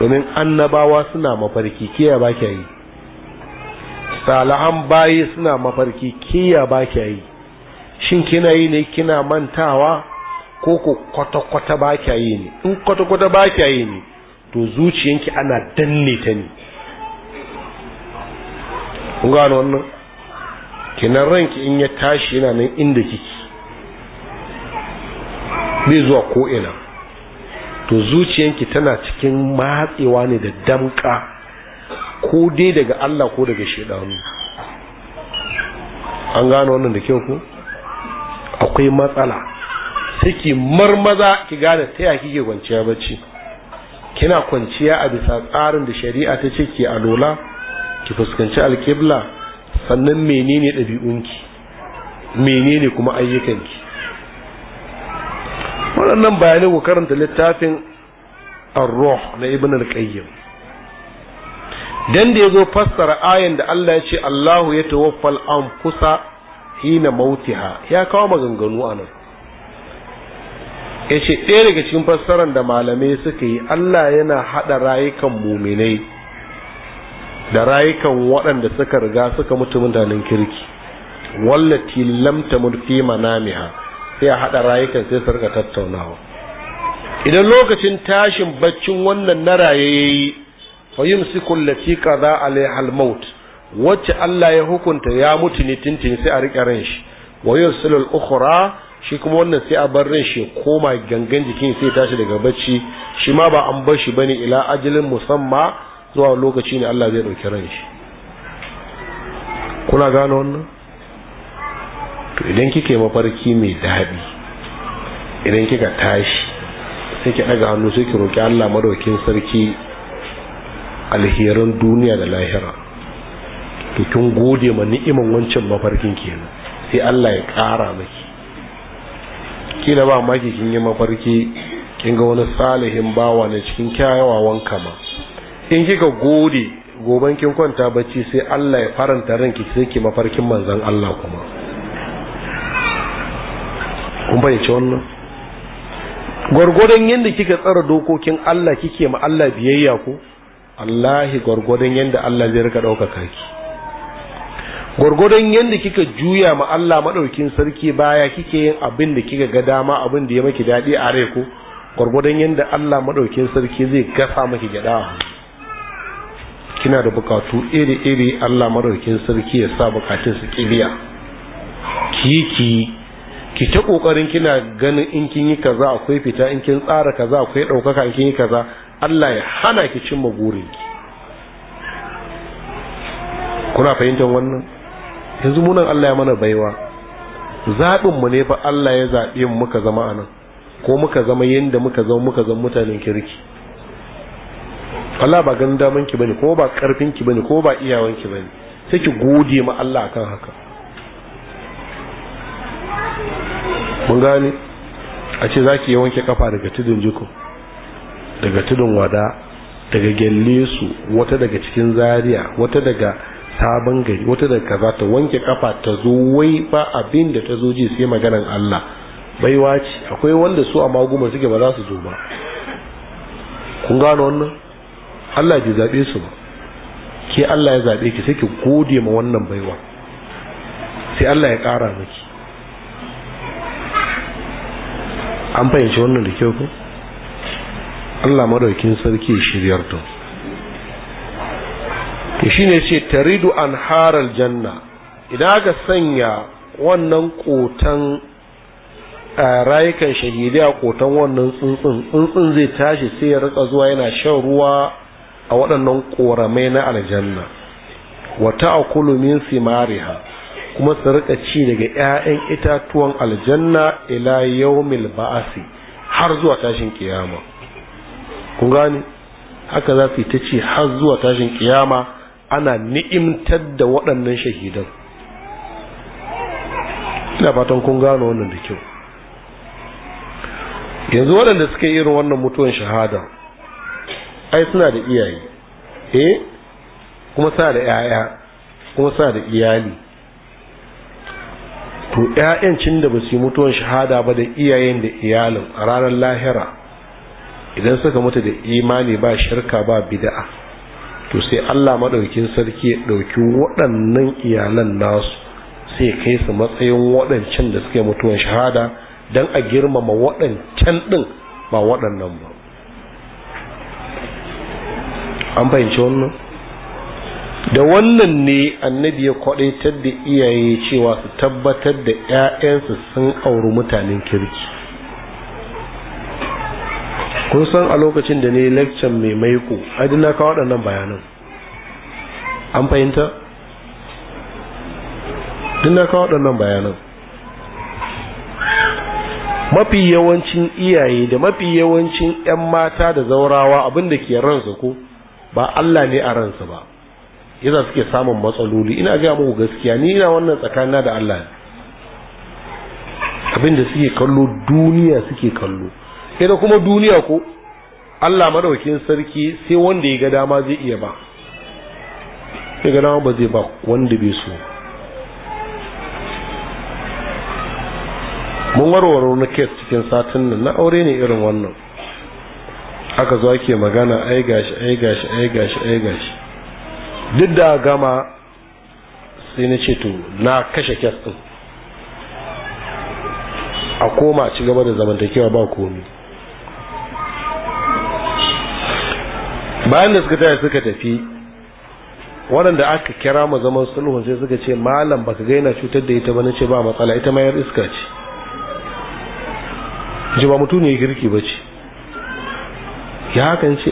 domin annabawa suna mafarki kiya ba kya yi salahan bayi suna mafarki kiya ba kya yi shin kina yi ne kina mantawa ko ku kwata-kwata ba kya yi ne in kwata-kwata ba kya yi ne to zuciyanki ana danne ta ne kun gano wannan kinan ranki in ya tashi yana nan inda kiki bai zuwa ko'ina to zuciyanki tana cikin matsewa ne da damka ko dai daga Allah ko daga shedanu an gano wannan da kyau ku. akwai matsala sai marmaza ki gane ta yaki ke kwanciya bacci kina kwanciya a bisa tsarin da shari'a ta ce ki alola ki fuskanci alkibla sannan menene ɗabi'unki menene kuma ayyukanki waɗannan bayanai ku karanta littafin arroh na ibn al dan da zo fassara ayan da Allah ya ce Allahu ya tawaffal an kusa. hina mautiha ya kawo maganganu a nan ya ce ɗaya daga cikin fassarar da malamai suka yi Allah yana haɗa rayukan muminai da rayukan waɗanda suka riga suka mutu mutanen kirki wallati lam tamut fi manamiha sai a haɗa rayukan sai sarka tattaunawa idan lokacin tashin baccin wannan na raye yayi fa yumsiku allati qada alaiha al-maut wacce Allah ya hukunta ya mutu ne tintin sai a riƙe ran shi wa yusilu ukhra shi kuma wannan sai a bar ran shi koma gangan jikin sai tashi daga bacci shi ma ba an bar shi bane ila ajalin musamma zuwa lokaci ne Allah zai dauki ran shi kuna gano wannan to idan kike mafarki mai daɗi idan kika tashi sai ki daga hannu sai ki roki Allah madaukin sarki alheran duniya da lahira ki kin gode ma ni'iman wancan mafarkin kenan sai Allah ya ƙara maki kila ba maki kin yi mafarki kin ga wani salihin bawa ne cikin kyawawan kama in kika gode goban kin kwanta bacci sai Allah ya faranta ranki sai ki mafarkin manzon Allah kuma kun bayyana wannan gwargwadon yadda kika tsara dokokin Allah kike ma Allah biyayya ko Allahi gwargwadon yadda Allah zai rika ɗaukaka ki gwargwadon yadda kika juya ma Allah maɗaukin sarki baya kike yin abin da kika ga dama abin da ya maki daɗi a rai ko gwargwadon yadda Allah maɗaukin sarki zai gasa maki gyaɗa kina da bukatu iri-iri Allah maɗaukin sarki ya sa bukatun su kibiya kiki ki ta kokarin kina ganin in kin yi kaza akwai fita in kin tsara kaza akwai ɗaukaka in kin yi kaza Allah ya hana ki cimma burinki kuna fahimtar wannan yanzu munan Allah ya mana baiwa zaɓin mu ne fa Allah ya zaɓe mu muka zama anan ko muka zama yanda muka zama muka zama mutanen kirki Allah ba ganin daman bane ko ba karfin ki bane ko ba iyawan ki bane sai ki gode ma Allah akan haka mun gane a ce zaki yi wanke kafa daga tudun jiko daga tudun wada daga gelle su wata daga cikin zaria wata daga sabon gari wata da kaza ta wanke kafa ta zo wai ba abin da ta zo ji sai maganan Allah baiwa ce akwai wanda su a maguma suke ba za su zo ba kun gano wannan Allah ji zaɓe su ba ke Allah ya zaɓe ki sai ki gode ma wannan baiwa sai Allah ya ƙara miki an fahimci wannan da kyau ko Allah madaukin sarki shiryar don shi ne ce taridu harar janna idan aka sanya wannan kotan eh, rayukan shahidi a kotan wannan tsuntsun tsuntsun zai tashi sai ya rika zuwa yana shan ruwa a waɗannan ƙoramai na aljanna wata a min simariha kuma su rika ci daga 'ya'yan itatuwan aljanna ila yaumil ba'asi har zuwa tashin kiyama kun gani haka za su yi ta ci har zuwa tashin kiyama ana ni'imtar da waɗannan shahidan ina fatan kun gano wannan da kyau yanzu waɗanda suka yi irin wannan mutuwan shahada ai suna da iyaye eh kuma sa da 'ya'ya kuma sa da iyali to 'ya'yancin da ba su yi mutuwan shahada ba da iyayen da iyalin a ranar lahira idan suka mutu da imani ba shirka ba bida'a to sai Allah maɗaukin sarki ya ɗauki waɗannan iyalan nasu sai kai su matsayin waɗancan da suke mutuwan shahada don a girmama waɗancan ɗin ba waɗannan ba an fahimci wannan da wannan ne annabi ya kwaɗaitar da iyaye cewa su tabbatar da 'ya'yansu sun auri mutanen kirki kun san a lokacin da ne lecture mai maiko ai na kawo waɗannan bayanan an fahimta na waɗannan bayanan mafi yawancin iyaye da mafi yawancin 'yan mata da zaurawa abinda ke ransa ko ba Allah ne a ransa ba yasa suke samun matsaloli ina gaya muku gaskiya ni ina wannan tsakanina da Allah abinda suke kallo duniya suke kallo sai da kuma duniya ko Allah madaukin sarki sai wanda ya ga dama zai iya ba sai ga dama ba zai ba wanda bai so mun warware na kes cikin satin nan na aure ne irin wannan aka zo ake magana ai gashi ai gashi ai gashi ai gashi duk da gama sai na ce to na kashe kes din a koma ci gaba da zamantakewa ba komi bayan da suka taya suka tafi waɗanda aka kira mu zaman sulhun sai suka ce malam baka gaina cutar da ita ba ce ba matsala ita mayar iska ce ji ba mutum ne girki ba ce ya hakan ce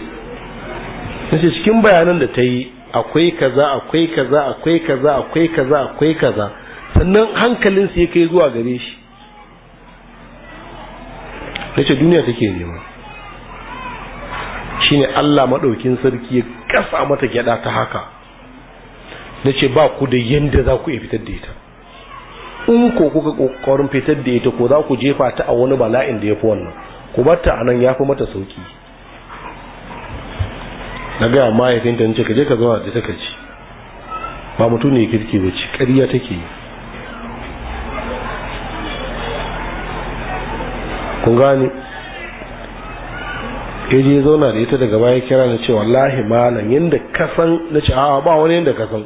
nace cikin bayanan da ta yi akwai kaza akwai kaza akwai kaza akwai kaza akwai kaza sannan hankalinsu ya kai zuwa gare shi nace duniya take nema shine Allah madaukin sarki ya kasa mata gyada ta haka nace ba ku da yanda za ku iya fitar da ita in ko kuka kokarin fitar da ita ko za ku jefa ta a wani bala'in da yafi wannan ku ta anan yafi mata sauki na ya mahaifinta nace ka je ka zuwa da take ci ba mutum ne kirki ba ci ƙarya take yi kun gani ya je zauna da ita daga baya kira na ce wallahi malam yadda kasan na ce a'a ba wani yadda kasan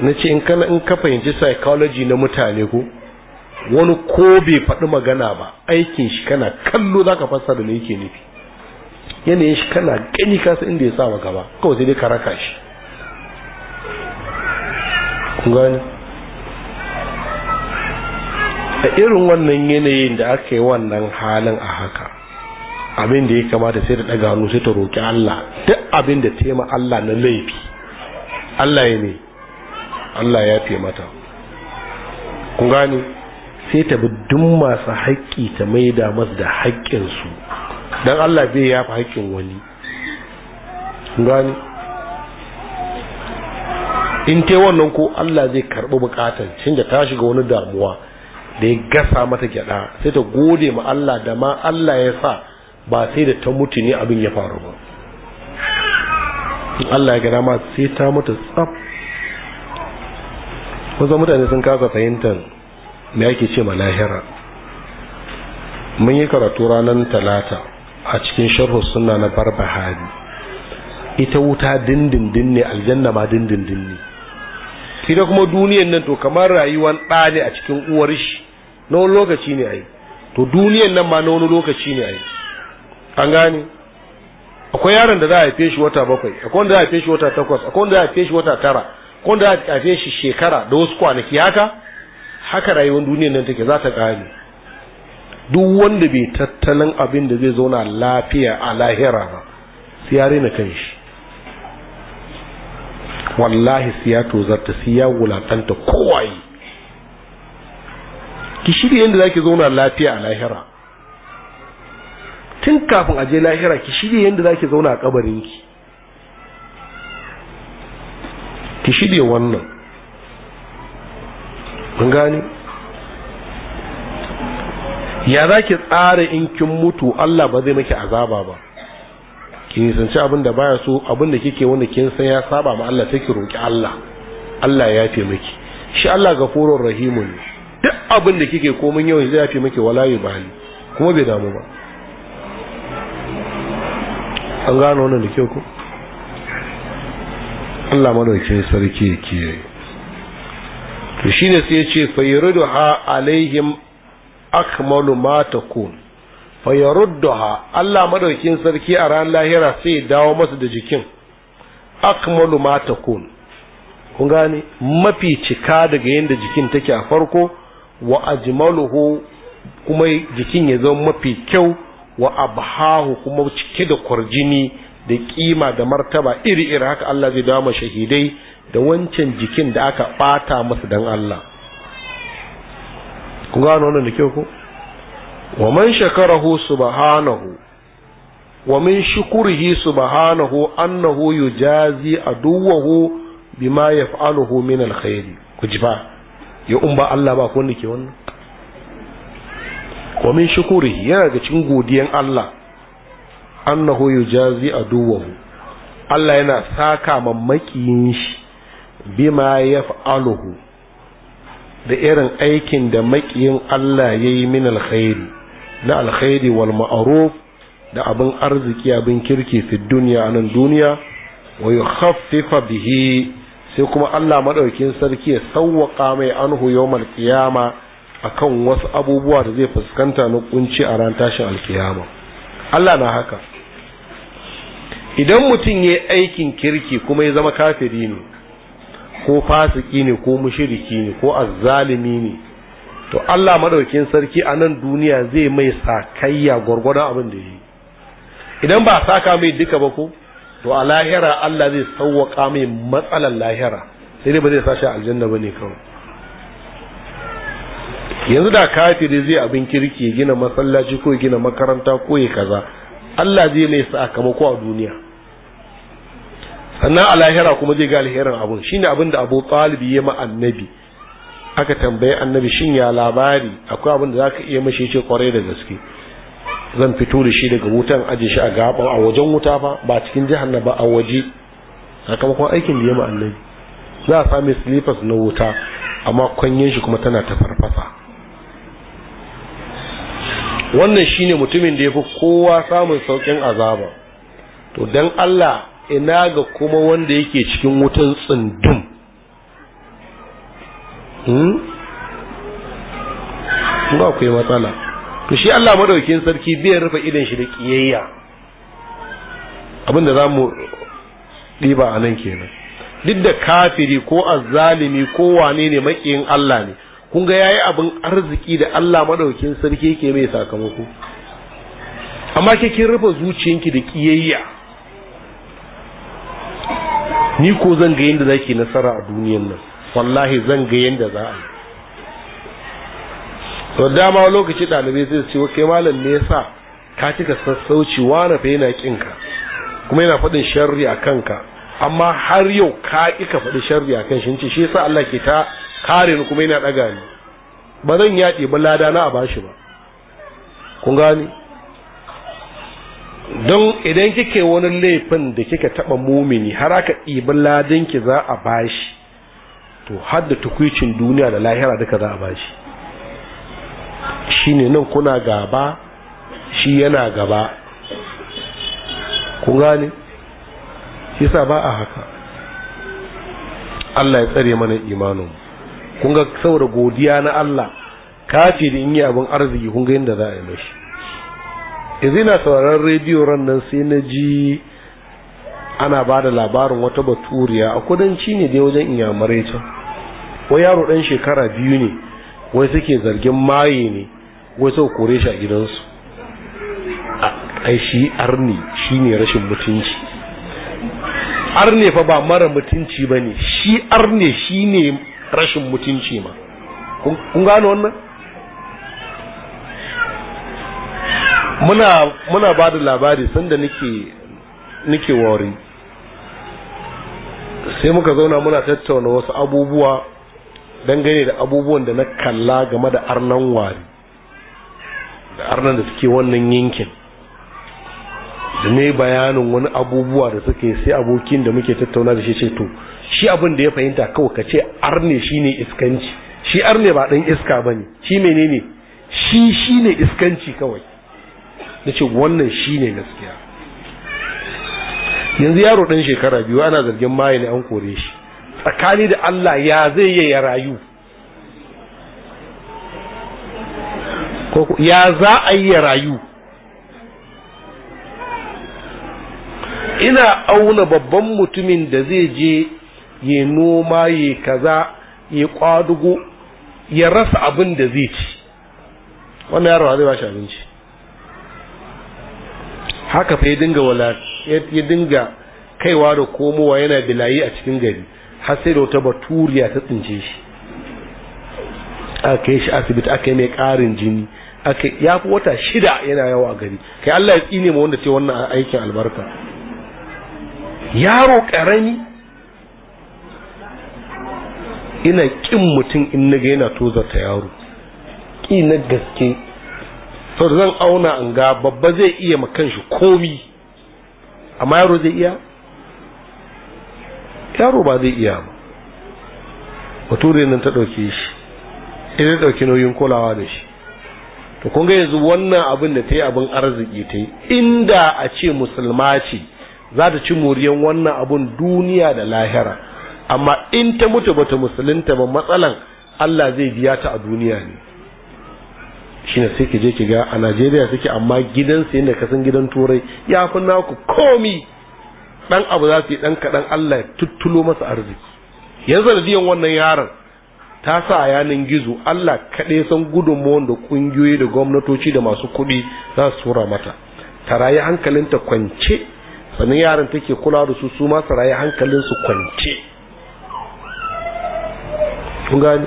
na ce in kana in ka fahimci psychology na mutane ko wani ko bai faɗi magana ba aikin shi kana kallo za ka fassara da yake nufi yanayin shi kana gani kasa inda ya sa maka ba kawai sai dai ka raka shi gani a irin wannan yanayin da aka yi wannan halin a haka abin da ya kamata sai da daga hannu sai ta roƙi Allah duk abin da tema Allah na laifi Allah ya ne Allah ya fi mata kun gani sai ta bi duk masu haƙƙi ta maida masu da haƙƙinsu don Allah bai fi haƙƙin wani kun gani in te wannan ko Allah zai karɓi buƙatar cin da ta shiga wani damuwa da ya gasa mata gyada sai ta gode ma Allah da ma Allah ya sa ba sai da ta mutu ne abin ya faru ba Allah ya gada ma sai ta mutu tsaf kusan mutane sun kasa fahimtar me ake ce ma lahira mun yi karatu ranar talata a cikin sharhu suna na bahari ita wuta dindindin ne aljanna ma dindindin ne sai kuma duniyan nan to kamar rayuwar ɗa ne a cikin uwar shi na wani lokaci ne yi to duniyan nan ma na wani lokaci ne ai an gane akwai yaron da za a haife shi wata bakwai akwai wanda za a haife shi wata takwas akwai wanda za a haife shi wata tara akwai wanda za a haife shi shekara da wasu kwanaki haka haka rayuwar duniyar nan take za ta kare duk wanda bai tattalin abin da zai zauna lafiya a lahira ba sai ya rena kan shi wallahi sai ya tozarta sai ya wulakanta kowaye ki shirya yadda za ki zauna lafiya a lahira tun kafin a je lahira ki shirye yadda za ki zauna a kabarin ki ki shirye wannan mun gane ya za ki tsara in kin mutu Allah ba zai maki azaba ba ki nisanci abin da baya so abin da kike wanda kin san ya saba ma Allah sai ki roki Allah Allah ya yafe miki shi Allah gafurur rahimun duk abin da kike komin yau zai yafe miki wala yubali kuma bai damu ba an gano wannan da kyau ku Allah madaukin sarki ya kiyaye to shine sai ya ce ha, alaihim akmalu ma takun ha, Allah madaukin sarki a ran lahira sai ya dawo masa da jikin akmalu ma takun kun gane mafi cika daga yadda jikin take a farko wa ajmaluhu kuma jikin ya zama mafi kyau wa abhahu kuma cike da kwarjini da kima da martaba iri-iri haka Allah zai dawo shahidai da wancan jikin da aka bata masa dan Allah ku gano wannan da kyau ko wa man shakarahu subhanahu wa min shukrihi subhanahu annahu yujazi aduwahu bima yaf'aluhu min alkhair ku ji ya umba Allah ba ku wanda ke wannan wa min shukuri yana ga cikin godiyan Allah annahu yujazi aduwahu Allah yana saka mamakiyin shi bima yaf'aluhu da irin aikin da makiyin Allah yayi min alkhairi na alkhairi wal ma'ruf da abin arziki abin kirki fi dunya nan duniya wa yukhaffifa bihi sai kuma Allah madaukin sarki ya sawwaka mai anhu yawmal qiyamah akan wasu abubuwa da zai fuskanta na kunci a ran tashin alkiyama Allah na haka idan mutum ya aikin kirki kuma ya zama kafiri ne ko fasiki ne ko mushiriki ne ko azzalimi ne to Allah madaukin sarki a nan duniya zai mai sakayya gwargwadon abin da ya yi idan ba saka mai duka ba ko to a lahira Allah zai sauwaka mai matsalar lahira sai dai ba zai sashi aljanna ba ne kawai yanzu da kafiri zai abin kirki gina masallaci ko gina makaranta ko ya kaza Allah zai mai sakamako a duniya sannan a lahira kuma zai ga alherin abun shine abin da Abu Talib ya ma annabi aka tambaye annabi shin ya labari akwai abin da zaka iya mashi ce kwarai da gaske zan fito da shi daga wutan aje shi a gaba a wajen wuta fa ba cikin jahannama ba a waje sakamakon aikin da ya ma annabi za a sami slippers na wuta amma kwanyen shi kuma tana ta farfasa wannan shine mutumin da ya fi kowa samun saukin azaba to don Allah ina ga kuma wanda yake cikin wutan tsundum hmm ba ku matsala to shi Allah madaukin sarki biyan rufe idan shi da kiyayya abinda zamu diba nan kenan duk da kafiri ko azalimi ko wane ne makiyin Allah ne kun ga yayi abin arziki da Allah madaukin sarki yake mai sakamako amma ke kin rufe zuciyanki da kiyayya ni ko zan ga yanda zaki nasara a duniyar nan wallahi zan ga yanda za a to dama lokaci ɗalibai sai su ce kai malam ne yasa ka cika sassauci wani fa yana kinka kuma yana faɗin sharri a kanka amma har yau ka kika ka faɗi sharri a kan shi ce shi yasa Allah ke ta kare ni kuma yana daga ni ba zan yaƙi ba lada na a bashi ba kun gani don idan kike wani laifin da kika taɓa mumini har aka ɗibi ladanki za a bashi to har da tukwicin duniya da lahira duka za a bashi shine nan kuna gaba shi yana gaba kun gane yasa ba a haka Allah ya tsare mana imanin mu kun ga saboda godiya na Allah ce da in yi abin arziki kun ga yadda za a yi mashi yanzu ina sauraron rediyo ran nan sai na ji ana ba da labarin wata baturiya a kudanci ne dai wajen inyamurai can wai yaro dan shekara biyu ne wai suke zargin maye ne wai sau kore shi a gidansu ai shi arni shi ne rashin mutunci arne fa ba mara mutunci ba ne shi arne shi ne rashin mutunci ma kun gano wannan muna muna ba da labari sanda nake nake wari sai muka zauna muna tattauna wasu abubuwa dangane da abubuwan da na kalla game da arnan wari da arnan da suke wannan yankin da ne bayanin wani abubuwa da suke sai abokin da muke tattauna da shi ce to shi abin da ya fahimta kawai ka ce arne ne iskanci shi arne ba dan iska bane shi menene shi shi ne iskanci kawai na ce wannan shi ne gaskiya yanzu yaro ɗan shekara biyu ana zargin maye ne an kore shi tsakani da Allah ya zai yi ya rayu ya za a yi ya rayu ina auna babban mutumin da zai je ya noma ya kaza ya kwadugo ya rasa abin da zai ci wannan yaro zai bashi abinci haka fa ya dinga wala ya dinga kaiwa da komowa yana bilayi a cikin gari har sai da wata baturiya ta tsince shi aka yi shi asibiti aka yi mai karin jini aka ya fi wata shida yana yawa a gari kai Allah ya tsine ma wanda ce wannan aikin albarka yaro karami ina kin mutum in na ga yana ta yaro ki na gaske to zan auna an ga babba zai iya ma kanshi komi amma yaro zai iya yaro ba zai iya ba bature nan ta ɗauke shi ina ta ɗauki nauyin kulawa da shi to kun ga yanzu wannan abin da ta yi abin arziki ta yi inda a ce musulma ce za ta ci muriyan wannan abun duniya da lahira amma in ta mutu bata musulunta ba matsalan Allah zai biya ta a duniya ne Shi na sai ki je ki ga a Najeriya suke amma gidansu yadda ka gidan turai ya fi naku komi dan abu za su yi dan kaɗan Allah ya tuttulo masa arziki yanzu sanadiyan wannan yaron ta sa a yanin gizo Allah kaɗai san gudunmuwan da ƙungiyoyi da gwamnatoci da masu kuɗi za su tura mata ta rayu hankalinta kwance sannan yaron take kula da su su ma su rayu hankalinsu kwance kun gani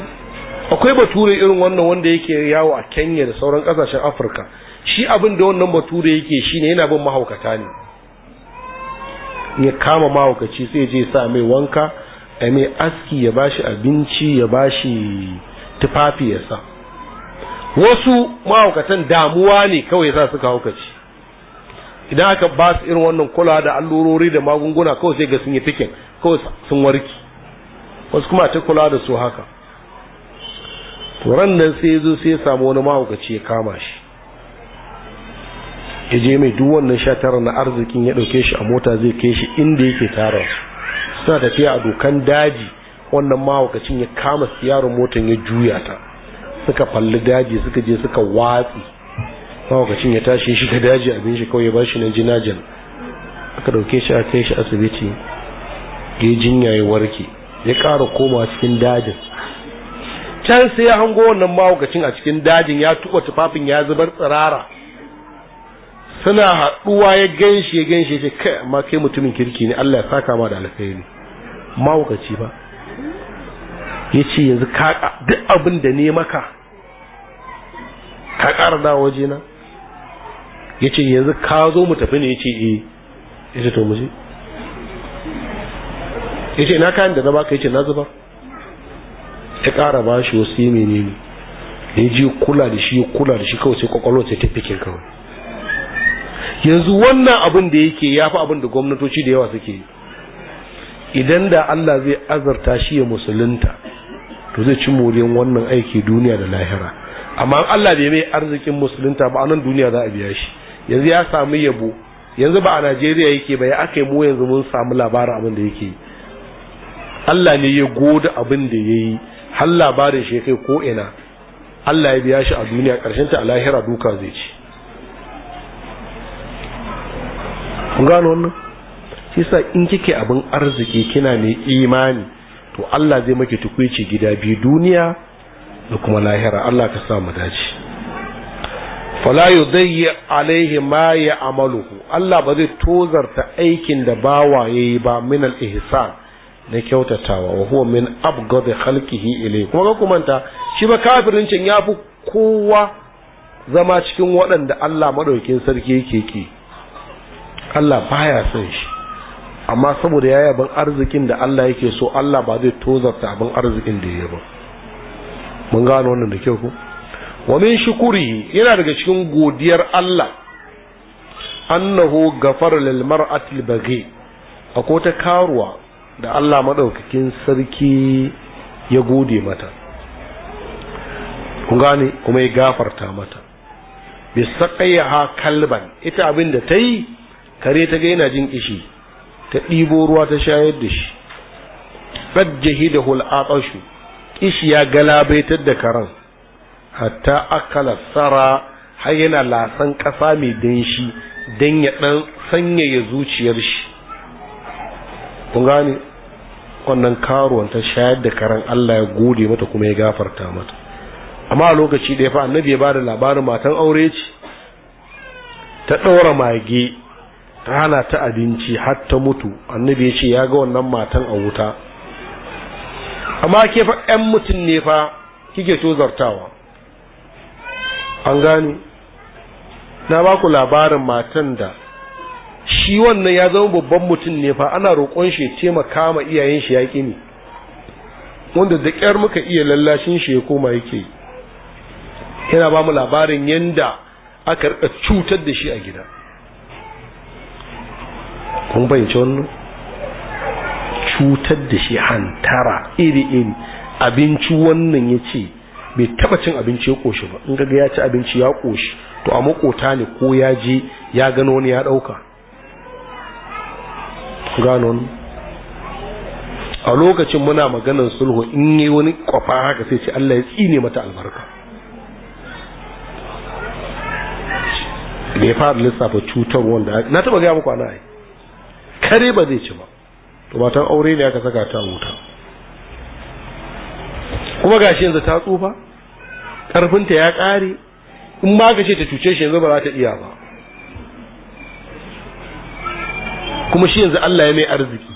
akwai bature irin wannan wanda yake yawo a Kenya da sauran kasashen Afirka shi abin da wannan bature yake shine yana bin mahaukata ne ya kama mahaukaci sai je sa mai wanka a mai aski ya bashi abinci ya bashi tufafi ya sa wasu mahaukatan damuwa ne kawai ya sa suka haukaci idan aka ba su irin wannan kula da allurori da magunguna kawai sai ga sun yi fikin kawai sun warki wasu kuma ta kula da su haka turan nan sai zo sai samu wani mahaukaci ya kama shi ya je mai duk wannan sha tara na arzikin ya ɗauke shi a mota zai kai shi inda yake tara su suna tafiya a dokan daji wannan mahaukacin ya kama siyarin motan ya juya ta suka falli daji suka je suka watsi mahaukacin ya tashi shi ga daji abin shi kawai ya shi na jinajen aka ɗauke shi a kai shi asibiti ya jinya ya warke ya ƙara komawa cikin dajin can sai ya hango wannan mawukacin a cikin dajin ya tuba tufafin ya zubar tsirara suna haɗuwa ya ganshi ya ganshi ya ce kai amma kai mutumin kirki ne Allah ya saka ma da alkhairi mawukaci ba ya ce yanzu ka duk abin da ne maka ka ƙara da wajena ya ce yanzu ka zo mu tafi ne ya ce eh ya ce to mu je ya ce na kayan da na baka ya ce na zubar ya ƙara ba shi wasu yi menene ne ya ji kula da shi kula da shi kawai sai kwakwalwa sai ta kawai yanzu wannan abin da yake ya fi abin da gwamnatoci da yawa suke yi idan da Allah zai azarta shi ya musulunta to zai ci moriyan wannan aiki duniya da lahira amma Allah bai mai arzikin musulunta ba anan duniya za a biya shi yanzu ya samu yabo yanzu ba a Najeriya yake ba ya aka mu yanzu mun sami labarin abin da yake Allah ne ya goda abin da ya yi har labarin shi kai ko ina Allah ya biya shi a duniya ƙarshen ta a lahira duka zai ci kun gano wannan shi sa in kike abin arziki kina mai imani to Allah zai maki tukuici gida biyu duniya da kuma lahira Allah ka sa mu dace fala yudayyi alaihi ma ya amaluku. Allah ba zai tozarta aikin da bawa yayi ba min al-ihsan na kyautatawa wa huwa min abgadi khalqihi ilay kuma ga kumanta shi ba kafirin cin yafi kowa zama cikin waɗanda Allah madaukin sarki yake ki Allah baya son shi amma saboda yayi ban arzikin da Allah yake so Allah ba zai tozarta abin arzikin da yake ba mun gano wannan da kyau ko wa min shukuri yana daga cikin godiyar Allah annahu ghafara lil mar'ati al-baghi akwai ta karuwa da Allah maɗaukakin sarki ya gode mata kun gane kuma ya gafarta mata bi saƙayya kalban ita abin da ta yi kare ta ga yana jin kishi ta ɗibo ruwa ta shayar da shi ƙajjahi da hul'aƙashu kishi ya galabaitar da karan hatta akala tsara har yana lasan ƙasa mai danshi don ya ɗan sanyaya zuciyar shi kun gane wannan karuwan ta shayar da karan Allah ya gode mata kuma ya gafarta mata amma a lokaci da ya fa annabi ya ba da labarin matan aure ce ta ɗaura mage ta hana ta abinci har ta mutu annabi ya ce ya ga wannan matan a wuta amma ke fa ɗan mutum ne fa kike zartawa an gani na ba ku labarin matan da shi wannan ya zama babban mutum ne fa ana roƙon shi taimaka ma iyayen shi yaƙi ne wanda da ƙyar muka iya lallashin shi ya koma yake yana ba mu labarin yanda aka rika cutar da shi a gida kun bayyance wannan cutar da shi hantara iri iri abinci wannan ya ce bai taba cin abinci ya koshi ba in ga ya ci abinci ya ƙoshi to a makota ne ko ya je ya gano wani ya ɗauka gano a lokacin muna maganar sulhu in yi wani kwafa haka sai ce Allah ya tsine mata albarka da ya fara lissafa cutar wanda na taba gaya muku ana yi kare ba zai ci ba to matan aure ne aka saka ta wuta kuma gashi yanzu ta tsufa ƙarfinta ya ƙare in ba ka ce ta cuce shi yanzu ba za ta iya ba kuma shi yanzu Allah ya mai arziki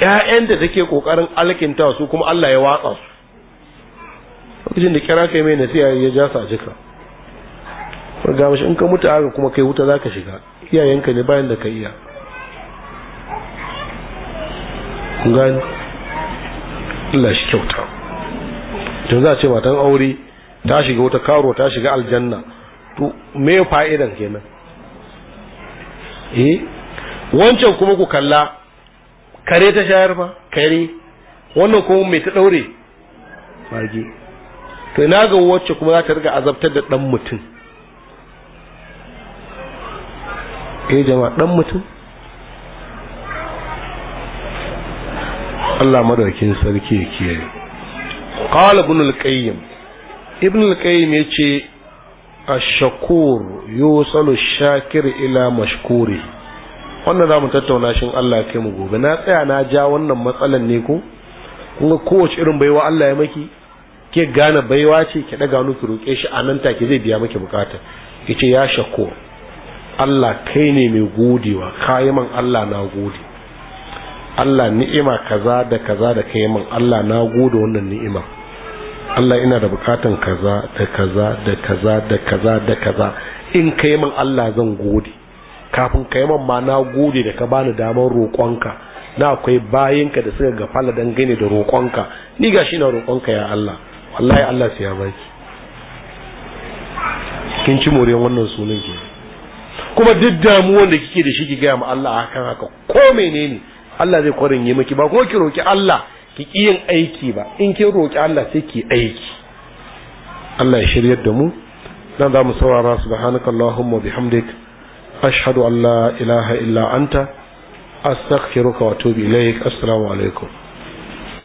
ƴaƴan da take kokarin alkinta su kuma Allah ya watsa su lokacin da kira kai mai nasiha ya ja sa jika ga mashi in ka mutu haka kuma kai wuta zaka shiga iyayenka ne bayan da ka iya gani Allah shi kyauta tun za a ce matan aure ta shiga wuta karo ta shiga aljanna to me fa'idan kenan eh wancan kuma ku kalla kare ta shayar ba kare wannan kuma mai ta daure mage to ina ga wacce kuma za ta riga azabtar da dan mutum eh jama'a dan mutum Allah madaukin sarki ya kiyaye qala ibn al-qayyim ibn al-qayyim yace الشكور يوصل shakir ila mashkuri wannan za mu tattauna shin Allah kai mu gobe na tsaya na ja wannan matsalan ne ko Kuma kowace irin baiwa Allah ya maki ke gane baiwa ce ki daga nu ki shi anan take zai biya maki bukata yace ya shakur Allah kai ne mai godewa kayi man Allah na gode Allah ni'ima kaza da kaza da kai man Allah na gode wannan ni'ima Allah ina da bukatan kaza da kaza da kaza da kaza da kaza in kai min Allah zan gode kafin kai min ma na gode da ka bani damar roƙonka na akwai bayinka da suka gafala dangane da roƙonka ni ga shi na roƙonka ya Allah wallahi Allah su ya baki kin ci moriyar wannan sunan ke kuma duk damuwan da kike da shi ki gaya ma Allah akan haka ko menene Allah zai kwarin yi maki ba ko ki roki Allah ki yin aiki ba in kin roki Allah sai ki aiki Allah ya shiryar da mu dan za mu saurara subhanaka allahumma bihamdik ashhadu an la ilaha illa anta astaghfiruka wa atubu ilaik assalamu alaikum